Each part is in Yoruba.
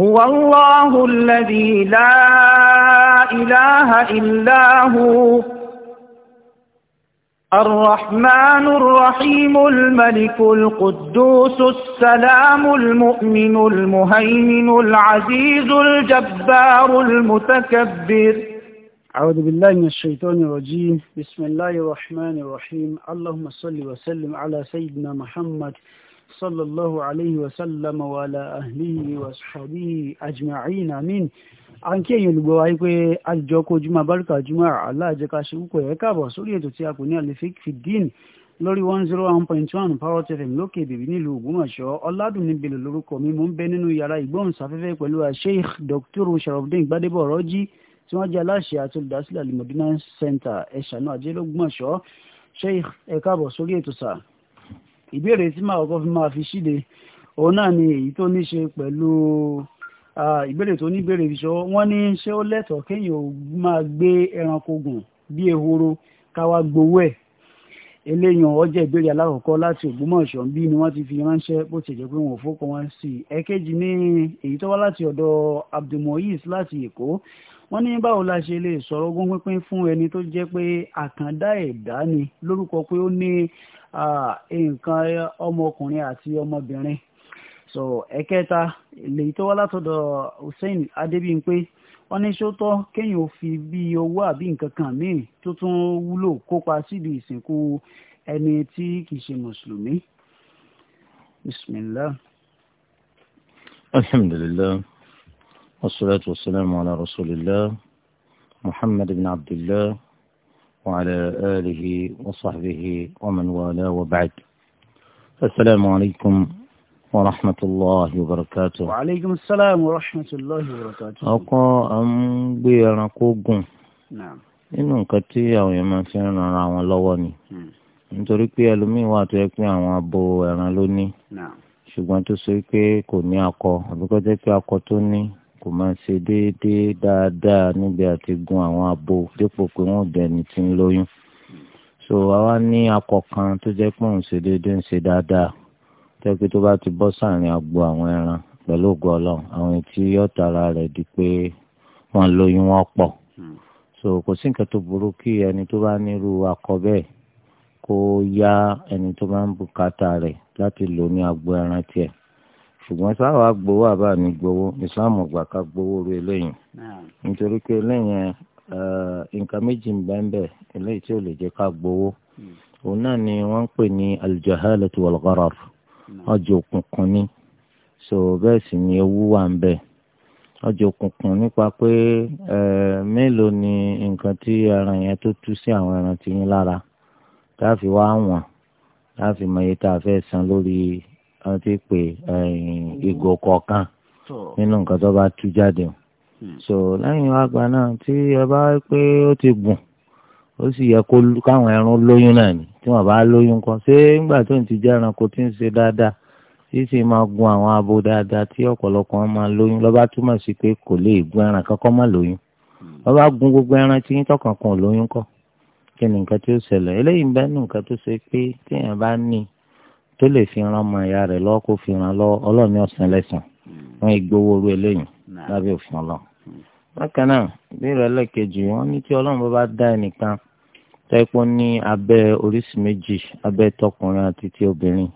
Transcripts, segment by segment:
هو الله الذي لا إله إلا هو الرحمن الرحيم الملك القدوس السلام المؤمن المهيمن العزيز الجبار المتكبر أعوذ بالله من الشيطان الرجيم بسم الله الرحمن الرحيم اللهم صل وسلم على سيدنا محمد صلى الله عليه وسلم وعلى أهله وصحبه أجمعين آمين àǹkí ẹ̀yin olùgbọ́ wa wípé àjọkọ ojúmọ́ abárúkà ojúmọ́ aláàjẹká ṣekúkọ ẹ̀ káàbọ̀ sórí ètò tí a kò ní àlefik fìdín lórí one zero one point one parrot fm lókè bèbí nílùú Ògbómọ̀ṣọ́ ọládùnní belò lórúkọ mi mò ń bẹ nínú yàrá ìgbóhùnsáfẹ́fẹ́ pẹ̀lú sheikh dr sharafdin gbadebo ọrọjì tí wọ́n jẹ́ aláṣẹ àti olùdásílẹ̀ alimọdúnà center ẹṣánú ìbéèrè tí màá kọ́kọ́ fi máa fi ṣíde òun náà ni èyí tó ní ṣe pẹ̀lú ìbéèrè tó ní béèrè fi sọ wọ́n ní ṣé ó lẹ́tọ̀ọ́ kéèyàn ò máa gbé ẹranko gùn bí ehoro káwa gbowó ẹ̀ eléyàn ọjọ́ ìbéèrè alákọ̀ọ́kọ́ láti Ògbómọ̀ṣọ́ bí ni wọ́n ti fi ránṣẹ́ bó ti jẹ́ pé wọn fọ́kàn wọn sí i ẹ̀kejì ní èyí tó wá láti ọ̀dọ̀ Abdulmoyis láti Èkó wọ́n ní báwo la ṣe lè sọ̀rọ̀ ogún pínpín fún ẹni tó jẹ́ pé àkàndá ẹ̀dá ni lórúkọ pé ó ní nǹkan ọmọkùnrin àti ọmọbìnrin so ẹ̀kẹta lèyí tó wá látọ̀dọ̀ Hussein Adébíyìnpé wọ́n ní sótọ́ kéèyàn ò fi bíi owó àbí nǹkan kan míì tó tún wúlò kópa síbi ìsìnkú ẹni tí kì í ṣe mùsùlùmí bismillah. alhamdulillah. والصلاة والسلام على رسول الله محمد بن عبد الله وعلى آله وصحبه ومن والاه وبعد السلام عليكم ورحمة الله وبركاته وعليكم السلام ورحمة الله وبركاته أقا أم بيرقوقون نعم إنه كتير ويما فينا راوان لواني nítorí pé ẹlòmíín wà tó yẹ pé àwọn abo ẹran ló ní ṣùgbọ́n tó ṣe pé kò ní akọ àbíkọ́jẹ́ pé akọ tó ní kò máa ṣe déédéé dáadáa níbi àti gun àwọn abo dípò pé wọ́n dẹni tí ń lóyún so àwa ní akọ kan tó jẹ́ pé òun ṣe déédéé ń ṣe dáadáa jẹ́ pé tó bá ti bọ́ sàárín agbo àwọn ẹran pẹ̀lú ògùn ọlọ́run àwọn etí yóò rẹ̀ di pé wọ́n lóyún wọn pọ̀ hmm. so kò sí nǹkan tó burú kí ẹni tó bá nírú akọ bẹ́ẹ̀ kó yá ẹni tó bá ń bùkátà rẹ̀ láti lò ní agbo ẹran tiẹ̀. ṣùgbọ́n sáwà gbowó àbá mi gbowó ìsìláàmù ọgbà ká gbowó ru eléyìí nítorí pé eléyìí eh, nǹkan méjì ń bẹ́ẹ̀ bẹ́ẹ̀ eléyìí tí ò lè jẹ́ ká gbowó hmm. òun náà ni wọ́n pè ní aljahalatu wal gharar ọjọ́ òkùnkùn so bẹ́ẹ̀ sì ni ewu wà ń bẹ ọjọ́ nípa pé eh, mélòó ni nǹkan tí ẹran yẹn tó tú sí àwọn ẹran tí yín lára fi wá mọ iye tá san lórí wọ́n ti pè eh, ìgò kọ̀ọ̀kan nínú nǹkan tó bá tú jáde o hmm. so lẹ́yìn àgbà náà tí ẹ bá pé ó ti gùn ó sì yẹ kó káwọn ẹran lóyún náà ni tí wọ́n bá lóyún kan ṣé nígbà tó ń ti jẹ́ ẹranko tí ń ṣe dáadáa tí sì máa gun àwọn abo dáadáa tí ọ̀pọ̀lọpọ̀ wọn máa lóyún lọ́ba túmọ̀ sí pé kò lè gun ẹran kankan má lóyún hmm. lọ́ba gun gbogbo ẹran tí yín tọkàn kan lóyún kọ́ kí ni nǹkan tí ó ṣẹlẹ̀ eléyìí ń bẹ́ẹ̀ nù nǹkan tó ṣe pé téèyàn bá ní tó lè fi ran ọmọ ìyá rẹ̀ lọ́wọ́ kó fi ran lọ ọlọ́ọ̀ni ọ̀sán lẹ́sàn wọn ìgbowó orú eléyìí lábẹ́ òfin ọlọ́run. Hmm. bákan náà ìbéèrè ẹlẹ́kejì wọn ní tí ọlọ́run bá dá ẹnìkan tẹ́pọ́ ní abẹ́ oríṣi méjì abẹ́ tọkùnrin àti ti obìnrin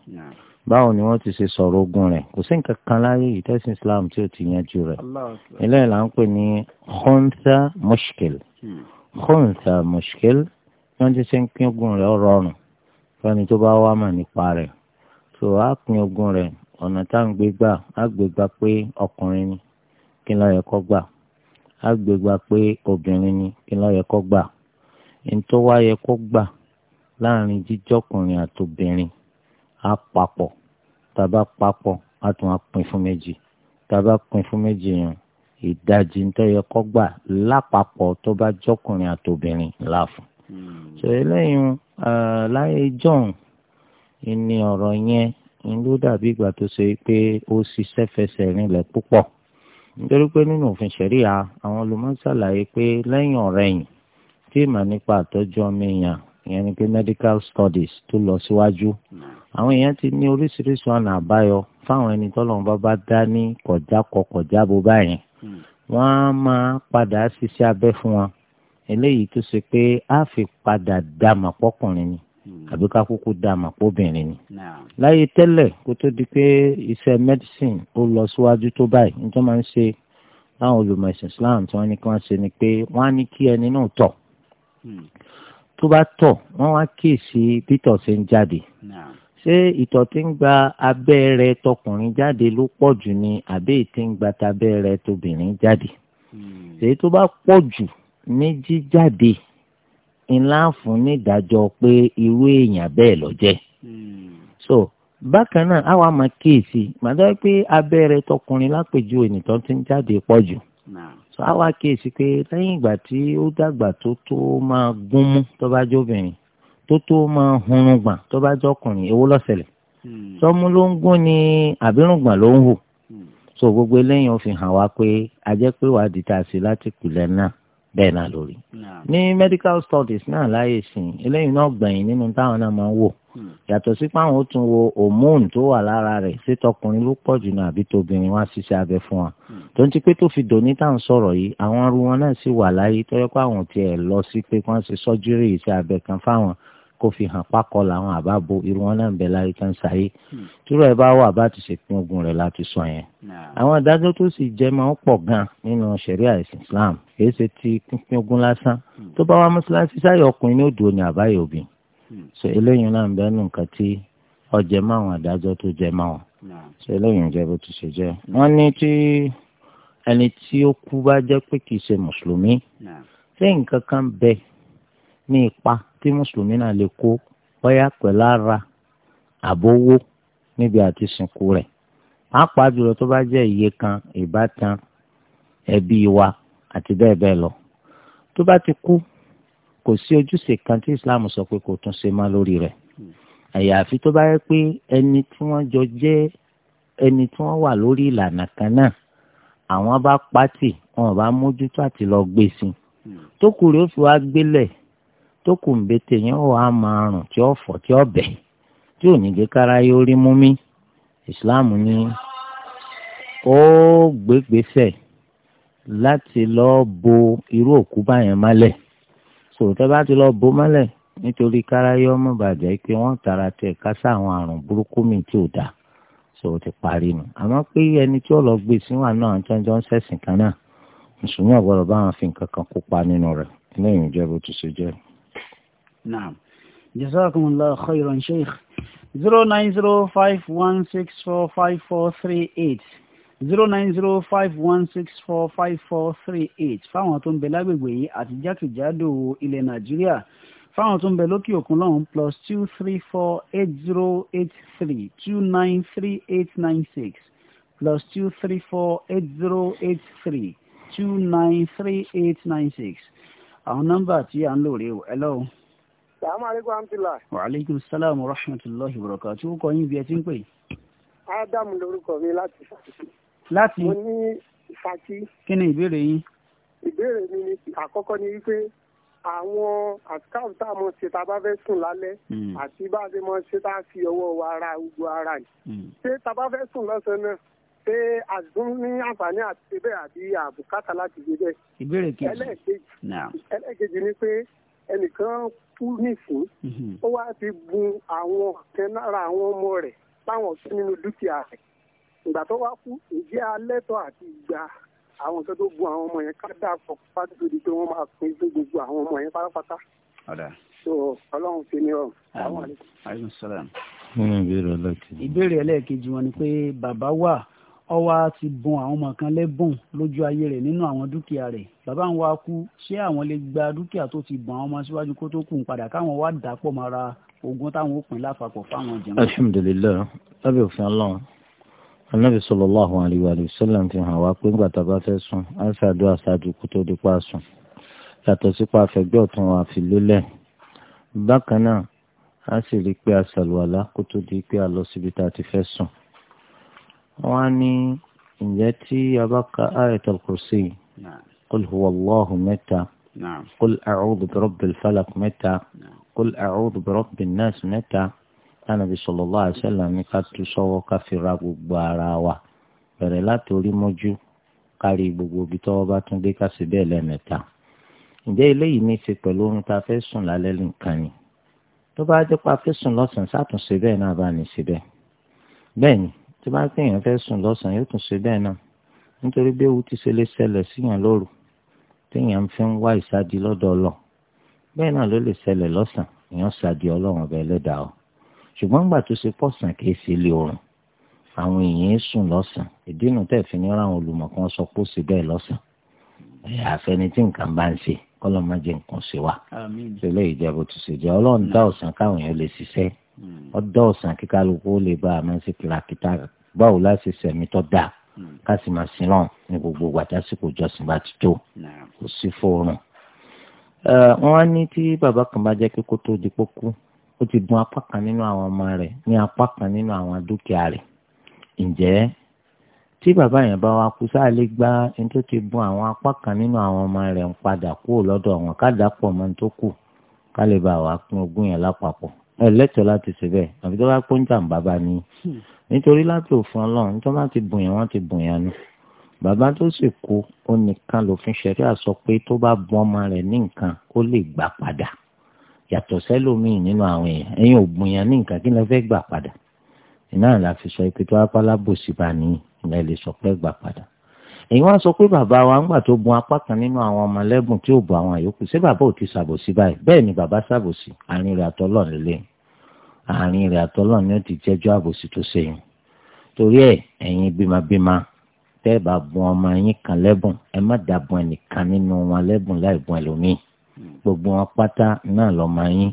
báwo ni wọ́n ti ṣe sọ̀rọ̀ ogun rẹ̀ kò sí nǹkan kan láyé ìtẹ́sìn Islam tí ó ti yanjú rẹ̀ ilé là ń pè ní khonsa mushkil hmm. khonsa mushkil wọ́n ti ṣe ń pín ogun rẹ̀ rọrùn fẹ́ni tó bá wá mà nípa rẹ̀ so a pin ogun rẹ ọ̀nà tá à ń gbé gbà á gbé gbà pé ọkùnrin ni kí ló yẹ kó gbà á gbé gbà pé obìnrin ni kí ló yẹ kó gbà ntọ́ wá yẹ kó gbà láàrin jíjọkùnrin àtobìnrin á papọ̀ tàbá papọ̀ á tún á pin fún méjì tàbá pin fún méjì yẹn ìdajì ntọ́ yẹ kó gbà lápapọ̀ tó bá jọkùnrin àtobìnrin láàfún. Hmm. sọ eléyìí láyé jọ̀hún ìní ọ̀rọ̀ yẹn ń ló dàbí ìgbà tó ṣe pé ó ṣiṣẹ́ fẹsẹ̀ rinlẹ̀ púpọ̀ nítorí pé nínú òfin ṣẹ̀ríà àwọn olùmọ̀ ṣàlàyé pé lẹ́yìn ọ̀rẹ̀yìn tí ìmọ̀ nípa àtọ́jú ọmọ èèyàn ìyẹn ni pé medical studies tó lọ síwájú àwọn èèyàn ti ní oríṣiríṣi ọ̀nà àbáyọ fáwọn ẹni tọ́lọ́run bá bá dá ní kọjá kọ kọjá bó báyẹn wọ́n á máa padà ṣiṣẹ́ abẹ́ fún wọn eléyìí tó ṣe pé á fi padà dá màpọ́kùnrin ni Hmm. àbí ká kúkú dá àmà pé obìnrin ni. láyé tẹ́lẹ̀ kó tó di pé iṣẹ́ medicine ó lọ síwájú tó báyìí nítorí máa ń ṣe láwọn olùmọ̀ ẹ̀sìn Islam tí wọ́n ní kí wọ́n ṣe ni pé wọ́n á ní kí ẹni náà tọ̀ hmm. tó bá tọ̀ wọ́n wá kíyèsí títọ̀ ṣe ń jáde ṣé ìtọ̀ tí ń gba abẹ́rẹ́ tọkùnrin jáde ló pọ̀ jù ni àbẹ́ tí ń gba tabẹ́rẹ́ tóbìnrin jáde ṣèyí hmm. tó bá pọ̀ jù ní jíjáde ńlá fún nídàájọ́ pé irú èèyàn bẹ́ẹ̀ ló jẹ́. so bákan náà a àwa máa kíyèsí màdá pé abẹ́rẹ́ tọkùnrin lápèjúwe nìkan ti ń jáde pọ̀ jù. so a àwa kíyèsí pé lẹ́yìn ìgbà tí ó dàgbà tó tó máa gúnmú tó bá jóbìnrin tó tó máa hunrungbà tó bá jọkùnrin ọkùnrin ló ṣẹlẹ̀ hmm. sọmú ló ń gún ni àbírùngbà ló ń hù hmm. so gbogbo eléyìí ó fi hàn wá pé a jẹ́ pé wàá di tá a ṣe láti pìlẹ̀ náà bẹ́ẹ̀ náà lórí. ní medical studies náà láyè sí eléyìí náà gbẹ̀yìn nínú táwọn náà máa ń wò hmm. yàtọ̀ sí pé àwọn ó tún wo hormone tó wà lára rẹ̀ ṣé tọkùnrin ló pọ̀ jù náà àbí tóbìnrin wá ṣiṣẹ́ abẹ fún wa hmm. tó ń ti pé tó fi dòní tá à ń sọ̀rọ̀ yìí àwọn arúgbó náà sì wà láyé tó yẹ pé àwọn tiẹ̀ lọ sí pé wọ́n ṣe sọ́júrì iṣẹ́ abẹ kan fáwọn kó fi hàn pákọ làwọn àbábo irú wọn náà ń bẹ láyé kan sáyé túrọ ẹ bá wà bá ti ṣèpín ogun rẹ̀ láti sọ yẹn. àwọn adájọ́ tó sì jẹ́ máa ń pọ̀ gan nínú ṣẹ̀ríà Islam kìí ṣe ti pínpín ogun lásán hmm. tó bá wá mọ́ṣáláṣí sáyé ọkùnrin ní òdò ní àbáyé òbí. ṣe hmm. eléyìí náà ń bẹ nù nǹkan tí ọjẹ máwọn adájọ́ tó jẹ máwọn. ṣe eléyìí ń jẹ bó ti ṣe jẹ. wọ́n ní tí ẹni tí ó kú bá jẹ́ pé kìí ṣe mùsùlùmí ní ipa tí mùsùlùmí náà lè kó bóyá pẹ̀lú ara àbówó níbi àti sìnkú rẹ̀ pàápàá jùlọ tó bá jẹ́ iye kan ìbátan ẹbí wa àti bẹ́ẹ̀ bẹ́ẹ̀ lọ tó bá ti kú kò sí ojúṣe kan tí Islam sọ pé kò tún ṣe má lórí rẹ̀ àyàfi tó bá yẹ pé ẹni tí wọ́n jọ jẹ́ ẹni tí wọ́n wà lórí ìlànà kan náà àwọn bá pátì wọn bá mójútó àti lọ gbé sí i tó kù rèé ó fi wá gbélẹ̀ tó kù ń bete yẹn ó wàá máa rùn tí ó fọ̀ tí ó bẹ̀ tí ò ní jẹ́ kára yóò rí mú mi ìsìláàmù ni ó gbégbèsè láti lọ́ọ́ bo irú òkú báyẹn mọ́lẹ̀ sòtẹ́ bá ti lọ́ọ́ bo mọ́lẹ̀ nítorí káráyé ọmọ bàjẹ́ pé wọ́n tara tẹ̀ kásá àwọn àrùn burúkú mi tí ò dá sòwò parí nu àmọ́ pé ẹni tí ó lọ gbé síwà náà jọjọ ń ṣẹ̀sìn kan náà mùsùlùmí ọ̀gbọ́dọ̀ bá wọn fi nǹkan kan kópa nínú rẹ̀ lẹ́yìn ìjẹ́bù tó ṣe jẹ́ naam jazakumullahu khairan sheikh zero nine zero five one six four five four three eight zero nine zero five one six four five four three eight fáwọn tó ń bẹ lágbègbè yìí àti jákèjádò ilẹ̀ nàìjíríà fáwọn tó ń bẹ lókè òkun lọ́hún plus two three four eight zero eight three two nine three eight nine six plus two three four eight zero eight three two nine three eight nine six àwọn nọ́mbà tí à ń lò rèé o ẹ sàmàlíkò amtila. wàhálẹ́kùn sálàmù rahmatulahi buraka tí ó kọ yín bí ẹ ti ń pè. ádámù lórúkọ mi láti fàtí. láti. mo ní fàtí. kí ni ìbéèrè yín. ìbéèrè mi ni àkọ́kọ́ ni wípé àwọn àtikáàbù tá a mọ̀ ṣe tá a bá fẹ́ sùn lálẹ́ hmm. àti bá a ṣe mọ̀ ṣe tá a fi ọwọ́ wa ara gbogbo ara yìí. Hmm. ṣé tá a bá fẹ́ sùn lọ́sàn náà ṣé àdùn ní àǹfààní àti ṣe bẹ́ẹ̀ àbí àbùkátà láti ṣe bẹ́ẹ̀. ìbéèrè kejì. ẹlẹ́ẹ̀kejì ni pé ẹnìkan kú nìsín mhm. ó wá fi bùn àwọn kan lára àwọn ọmọ rẹ̀ táwọn sí nínú dúkìá rẹ̀ ìgbà tó wá kú ìjẹ́ alẹ́tọ̀ àti ìgbà àwọn tó tó bu àwọn ọmọ yẹn ká dà pọ̀ pátí tó pé wọ́n máa pín fún gbogbo àwọn ọmọ yẹn pátápátá. so ọlọ́run ti ní ọrùn. àwọn àlejò. ìbéèrè ẹlẹ́ẹ̀kejì wọn ni pé bàbá wà ọwọ́ á ti bùn àwọn ọmọ kan lẹ́bùn lójú ayé rẹ̀ nínú àwọn dúkìá rẹ̀ bàbá ń wá kú ṣé àwọn lè gba dúkìá tó ti bùn àwọn ọmọ síwájú kó tó kù ń padà káwọn wá dà pọ̀ mọ́ra ogún táwọn ó pín láfapọ̀ fáwọn jẹun. alhamdulilayi lábẹ́ òfin ọlọ́run anabi sallallahu alayhi wa sallam fi hàn wá pé ńgbà tá a bá fẹ́ sùn á ń ṣàdúrà ṣáájú kó tó dípa sùn yàtọ̀ sípa àfẹ́gbẹ́ ọ̀tún wa fi lélẹ̀ bákan náà a sì rí i pé a ṣàlùwàlá kó tó di pé a lọ síbi tá a ti fẹ́ sùn wọ́n á ní ǹjẹ́ tí a bá ka ayatul kursi qul huwa allahu mẹ́ta qul a'udhu bi rabbil falaq mẹ́ta qul a'udhu bi rabbin nas mẹ́ta tánàbí sallallahu alaihi wasallam ní ká tú sọ́wọ́ ká fi ra gbogbo ara wa bẹ̀rẹ̀ láti orí mọ́jú kárí gbogbo ibi tọ́wọ́ bá tún dé ká sì bẹ́ẹ̀ lẹ́ẹ̀mẹ́ta ǹjẹ́ eléyìí ní ṣe pẹ̀lú ohun tá a fẹ́ sùn lálẹ́ nìkan ni tó bá jẹ́ pé fẹ́ sùn lọ́sàn-án sátúnṣe bẹ́ẹ̀ náà bá ní í bẹ́ẹ̀ ni tí bá ń pè yàn fẹ́ sùn lọ́sàn-án yóò tún ṣe bẹ́ẹ̀ náà nítorí bí ewu ti ṣe lè ṣẹlẹ̀ síyàn lóru téèyàn fi ń wá ìsádi lọ́dọ̀ ọlọ́ bẹ́ẹ̀ náà ló lè ṣẹlẹ̀ lọ́sàn èèyàn ṣàdí ọlọ́run ọbẹ̀ ẹlẹ́dàá o ṣùgbọ́n nígbà tó ṣe pọ̀sán kì í ṣe lè oorun àwọn èèyàn sùn lọ́sàn ìdínú tẹ̀ fi ní ráwọn olùmọ̀kan sọ pé ó ṣe bẹ́ẹ̀ lọ́sàn ẹ̀yà àfẹni tí nǹkan bá ń ṣe kọ́lọ́ má jẹ́ nǹkan ṣe wá ṣe bó ti ṣe jẹ́ ọlọ́run dá ọ̀sán káwọn èèyàn lè ṣiṣẹ́ ọdọ ọ̀sán kíkálukú ó lè bá àmọ́ sí kìlàkìtà báwo láti sẹ̀mí tó dáa hmm. ká sì máa sin náà ní gbogbo gbàtásìkò ìjọsìn bá ti tó kò sí fóorùn. wọ́n á ní tí bàbá kan bá jẹ́ pé kó tó di pókú ó ti bùn apá kan nínú àwọn ọmọ rẹ̀ ní apá kan nínú àwọn dúkìá rẹ̀ ǹjẹ́ tí bàbá yẹn bá wa kú sáà lè gba ẹni tó ti bùn àwọn apá kan nínú àwọn ọmọ rẹ̀ ń padà kúrò lọ́dọ̀ wọn ká dàpọ̀ mọ́ tó kù ká lè bá wa pín ogún yẹn lápapọ̀ ẹlẹ́tọ̀ọ́ láti ṣe bẹ́ẹ̀ àbí tó bá pọ́ ń jàǹbá bá ní hmm. nítorí láti òfin ọlọ́run tó bá ti bùn yàn wọ́n ti bùn yàn ni bàbá tó sì kú ó nìkan lòfin ṣẹ̀rí àsọ pé tó bá bu ọmọ rẹ̀ ní nǹkan ó lè gbà padà yàtọ̀ sẹ́lòmíì nínú àwọn èèyàn ẹ̀yin ò bùn yàn ní nǹkan kí lẹ fẹ́ gbà padà ìnáà la sọ pé tó bá pálábòsí bá ní ilẹ̀ lè sọ pé gbà padà èyí wá sọ pé bàbá wa ńgbà tó bun apá kan nínú àwọn ọmọlẹ́bùn tí ò bu àwọn àyòkù ṣé bàbá ò ti ṣàbòsí báyìí bẹ́ẹ̀ ni bàbá ṣàbòsí àárín rẹ̀ àtọ́lọ̀ nílé àárín rẹ̀ àtọ́lọ̀ ni ó ti jẹ́jọ́ àbòsí tó ṣe yìí torí ẹ̀ ẹ̀yin bímabíma tẹ́ ẹ bá bun ọmọ yín kan lẹ́bùn ẹ má dà bun ẹnìkan nínú wọn lẹ́bùn láì bun ẹlòmíì gbogbo wọn pátá náà lọ́mọ yín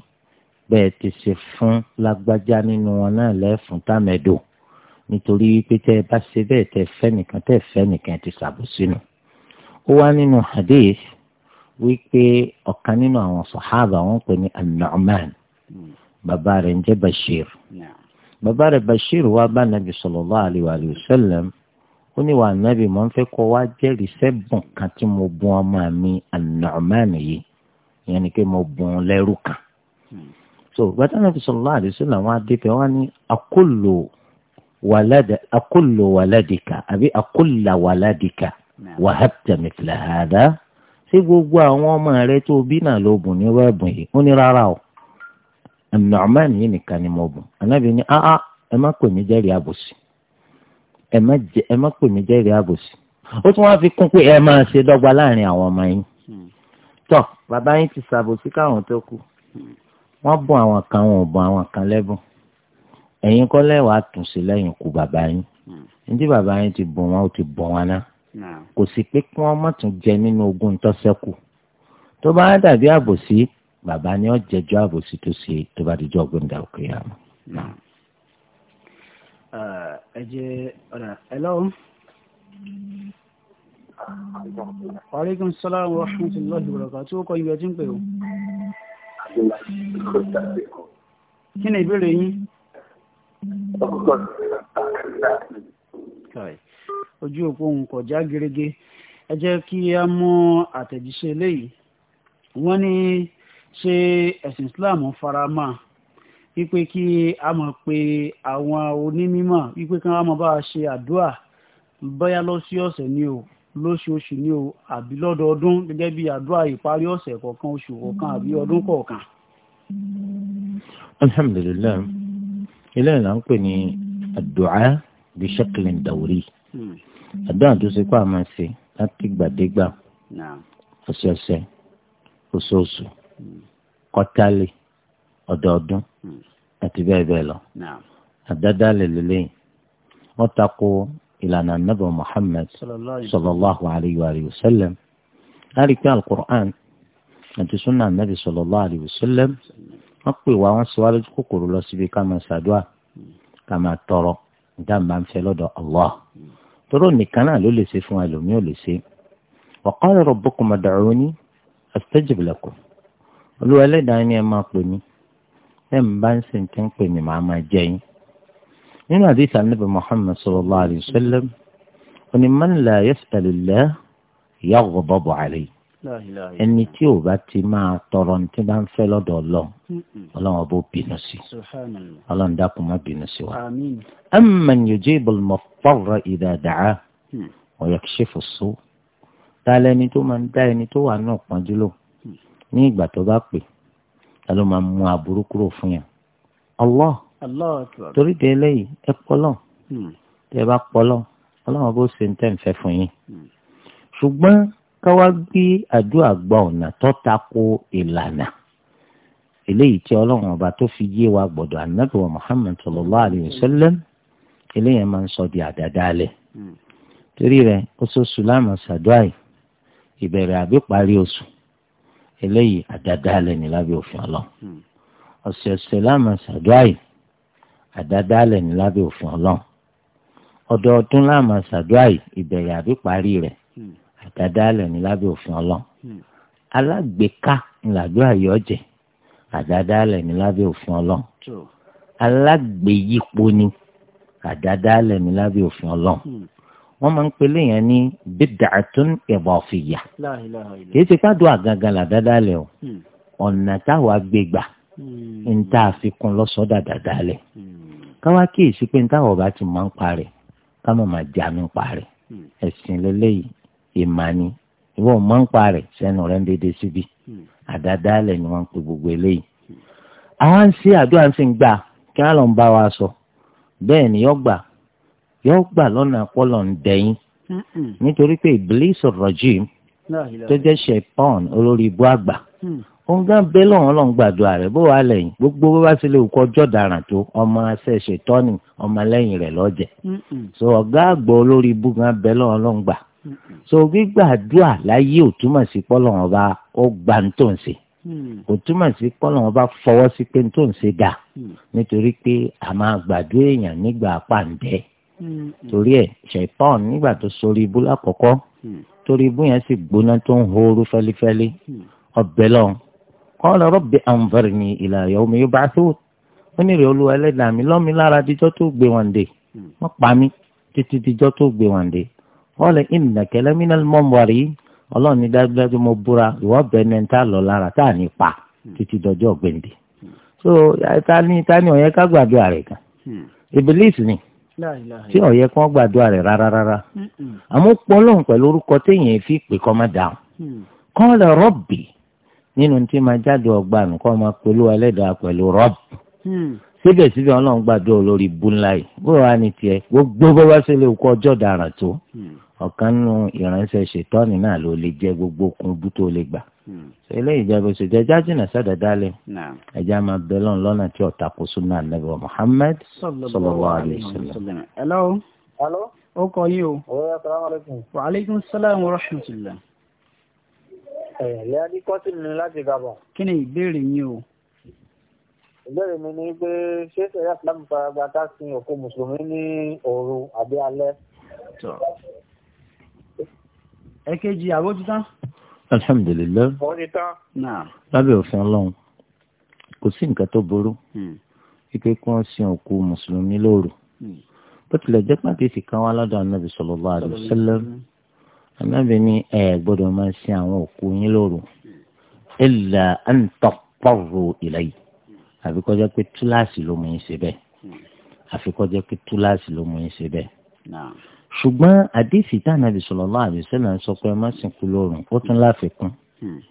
bẹ́ẹ̀ ti ṣe fún lágbájá nínú wọn náà lẹ́fun támẹ́dò nítorí wípé tẹ́ ẹ bá ṣe bẹ́ẹ̀ tẹ́ fẹ́ nìkan tẹ́ fẹ́ nìkan ti ṣàbò sínú. ó wá nínú hadith wípé ọ̀kan nínú àwọn sàhábà wọn pè ní an-Nu'man bàbá rẹ̀ ń jẹ́ Bashir. bàbá rẹ̀ Bashir wá bá nàbì sallallahu alayhi wa sallam ó ní wà nàbì mọ́ ń fẹ́ kọ́ wá jẹ́rìí sẹ́bùn kan tí mo bùn ọmọ mi an yìí ìyẹn ni pé mo bùn lẹ́rú kan. Hmm. so bàtà nàbì sallallahu alayhi wa sallam wọn á dé pé wọn ní akólo walada akulu waladika àbí akula waladika wàhábtà mìtìlá hàdá ṣé gbogbo àwọn ọmọ rẹ tó bí náà ló bùn ní wẹ́ẹ̀bùn yìí ó ní rárá o Nu'man yìí nìkan ni mo bùn anábì ní áá ẹ má pè mí jẹ́rìí àbòsí ẹ má pè mí jẹ́rìí àbòsí ó tún wáá fi kún pé ẹ máa ṣe dọ́gba láàrin àwọn ọmọ yín hmm. tọ́ bàbá yín ti ṣàbòsí káwọn tó kù hmm. wọ́n bùn àwọn kan wọn ò bùn àwọn kan lẹ́bùn ẹ̀yin kọ́ lẹ́wàá tún sí lẹ́yìn kú bàbá yín ndí hmm. bàbá yín ti bọ̀ wọn ó ti bọ̀ wọn ná kò sí pé kí wọ́n má tún jẹ nínú ogún tó ṣẹ́kù tó bá dàbí àbòsí bàbá ni ó jẹjọ́ àbòsí tó ṣe tó bá dijọ́ ọgbọ́n dà òkè yà mọ́. Eh, ẹ jẹ́ ọ̀rà ẹ lọ́wọ́. Wàríkùn sọ́lá wa rahmatullahi wa barakatuh tí ó kọ ibi ẹjí ń pè ó. Kí ni ìbéèrè yín? ojú òpó nǹkan já gerege ẹ jẹ́ kí a mú àtẹ̀jíṣẹ́ eléyìí wọ́n ní ṣé ẹ̀sìn Islam fara mọ́ wípé kí a mọ̀ pé àwọn onímọ̀ wípé kí wọ́n mọ̀ bá a ṣe àdúrà bóyá lọ́sí ọ̀sẹ̀ ni o lóṣooṣù ni o àbí lọ́dọọdún gẹ́gẹ́ bí àdúrà ìparí ọ̀sẹ̀ kọ̀ọ̀kan oṣù kọ̀ọ̀kan àbí ọdún kọ̀ọ̀kan. alhamdulilayi ilé ìlà ń pè ní àdúà bí ṣẹ́kìlìn dàwúrí hmm. àdúrà tó ṣe pé a máa ṣe láti gbàdégbà ọ̀sẹ̀ọ̀sẹ̀ oṣooṣù kọ́tálì ọdọọdún hmm. àti bẹ́ẹ̀ bẹ́ẹ̀ lọ àdáda lè lélẹ́yìn wọ́n tako ìlànà nàbà Muhammad sallallahu alayhi wa sallam láti pé alukur'an àti sunna nàbì sallallahu alayhi wa sallam wọ́n pè wá wọ́n sọ wá lójú kòkòrò lọ síbi ká máa ṣàdúrà ká máa tọrọ ìdá máa ń fẹ́ lọ́dọ̀ Allah tóró nìkan náà ló lè ṣe fún ẹlòmíì ò lè ṣe wa qala rabbukum ud'uni astajib lakum olúwa ẹlẹ́dàá ni ẹ máa pè mí ẹ ń bá ń sìn tí ń pè mí màá máa jẹ yín nínú àdìsá níbi Muhammad sallallahu alayhi wa sallam onímọ̀ nlá yas'alillah yaghdabu alayhi ẹni tí ò bá ti máa tọrọ ní tí bá ń fẹ́ lọ́dọ̀ ọlọ́run ọlọ́run ọba ó bínú sí ọlọ́run dákun má bínú sí wa. amman yujibu al-mudtarra idha da'ahu mm. wa yakshifu as-su' ta lẹni tó máa ń dá ẹni tó wà náà pọ́njú lò mm. ní ìgbà tó bá pè ta ló máa mú aburú kúrò fún yàn. Allah torí de eléyìí ẹ pọlọ mm. tẹ bá pọlọ ọlọ́run ọba ó ṣe ń tẹ̀ ń fẹ́ fún yín ṣùgbọ́n káwá gbé àdúrà gba ọ̀nà tó tako ìlànà eléyìí tí ọlọ́run ọba tó fi yé wa gbọ́dọ̀ ànábì wa muhammed sallallahu alayhi wa sallam eléyìí máa ń sọ di àdádálẹ̀ torí rẹ̀ oṣooṣù láàmú ṣàdúrà yìí ìbẹ̀rẹ̀ àbí parí oṣù eléyìí àdádálẹ̀ ní lábẹ́ òfin ọlọ́run ọ̀sẹ̀ọ̀sẹ̀ láàmú ṣàdúrà yìí àdádálẹ̀ ní lábẹ́ òfin ọlọ́run ọdọọdún láàmú ṣàdúrà ìbẹ̀rẹ̀ àbí parí rẹ̀ àdádálẹ̀ ní lábẹ́ òfin ọlọ́run hmm. alágbèéká ńlàdúrà yọ jẹ àdádálẹ̀ ní lábẹ́ òfin ọlọ́run alágbèéyípo ni àdádálẹ̀ ní lábẹ́ òfin ọlọ́run hmm. wọ́n máa ń pele yẹn ní bídàtún ìbọ̀fìyà kì í ti ká dùn àgàgà làdádálẹ̀ o hmm. ọ̀nà táwa gbé gbà ń tá a fi kún lọ́sọ̀dà dàdálẹ̀ káwá kíyèsí pé ń táwa ọba ti máa ń parẹ́ ká má máa jà mí parẹ́ ẹ̀sìn lélẹ́yìí ìmàní ìwọ máa ń pa rẹ̀ sẹ́nu rẹ̀ ń dédé síbi hmm. àdádálẹ̀ ni wọ́n ń pe gbogbo eléyìí. àwa ń ṣe àdúrà ń gbà kí wọ́n lọ wa sọ bẹ́ẹ̀ ni yọgbà yọgbà lọnà gbà hmm. nítorí pé Iblis rajim tó olórí ibú àgbà hmm. gbàdúrà bó wà gbogbo bó bá sì lè ọmọ ṣètọ́ni ọmọ lẹ́yìn lọ́jẹ̀ ọ̀gá àgbọ̀ so gbígbàdúrà láyé ò túmọ̀ sí pọ́lọ́wọ́n bá ó gba ní tó ń ṣe hmm. kò túmọ̀ sí pọ́lọ́wọ́n bá fọwọ́ sí pé ní tó ń ṣe dà hmm. nítorí pé a máa gbàdúrà èèyàn nígbà pàǹdẹ́ hmm. torí ẹ̀ ṣẹ̀tọ́n nígbà tó sori ibú lákọ̀ọ́kọ́ torí ibú yẹn sì gbóná tó ń horú fẹ́lifẹ́li ọbẹ̀ lọ́n qala rabbi anzirni ila yawmi yub'athun ó ní ìrẹ̀ olúwa ẹlẹ́dàá mi lọ́mi lára díjọ́ tó gbé wọn dé wọ́n pa mí títí díjọ́ tó gbé wọn dé wọ́n lè innaka laminal munzarin ọlọ́run ní dájúdájú mo búra ìwọ́ bẹ́ẹ̀ lọ lára tá à pa títí dọjọ́ gbèǹde. so ta ni ta ni ọ̀yẹ́ ká gbàdúrà rẹ̀ kan Ìbílísì ni tí ọ̀yẹ́ kan gbàdúrà rẹ̀ rárá rárá àmọ́ pọ́lọ́n pẹ̀lú orúkọ téèyàn fi pè kọ́ dáhùn mm. nínú tí máa jáde ọgbà máa ẹlẹ́dàá pẹ̀lú rọ́bì ọ̀kan nù ìránṣẹ́ ṣètọ́ni náà ló lè jẹ́ gbogbo kun bú tó lè gbà. Hmm. eléyìí jẹ́ bó ṣe jẹ́ jájìnà sádàdálẹ̀ ẹ̀já máa bẹ lọ́n lọ́nà tí ọ̀tà kò súnà nàbẹ̀ wa Muhammad sallallahu alaihi wasallam. hello. hello. kọ yí o. wa aleykum salaam wa rahmatulah. ẹ̀ẹ́dẹ́ adíkọ́sí mi láti gabọ̀. kí ni ìbéèrè yín o. ìbéèrè mi ni pé ṣé sẹ́yà fúlàmù faragbá tá a sin òkú mùsùlùmí ní òru àbí alẹ́ ẹ̀kejì àbó ti tán. alhamdulilayi. wọ́n ti tán. lábẹ́ òfin ọlọ́run kò sí nǹkan tó burú kíkẹ́ hmm. kí wọ́n sin òkú mùsùlùmí lóru hmm. bó tilẹ̀ jẹ́ pàtẹ́sì kan wá lọ́dọ̀ anábì sallallahu alaihi wasallam anábì hmm. ní ẹ̀ gbọ́dọ̀ máa sin àwọn òkú yín lóru illa an taqtaru ilay àfi kó jẹ́ pé túláàsì ló mú yín ṣe bẹ́ẹ̀ àfi pé túláàsì ló mú yín ṣe bẹ́ẹ̀ ṣùgbọ́n àdéhìí tá ànábì sallallahu alaihi wasallam sọ pé ẹ má sìnkú lóòrùn ó tún láfikún hmm.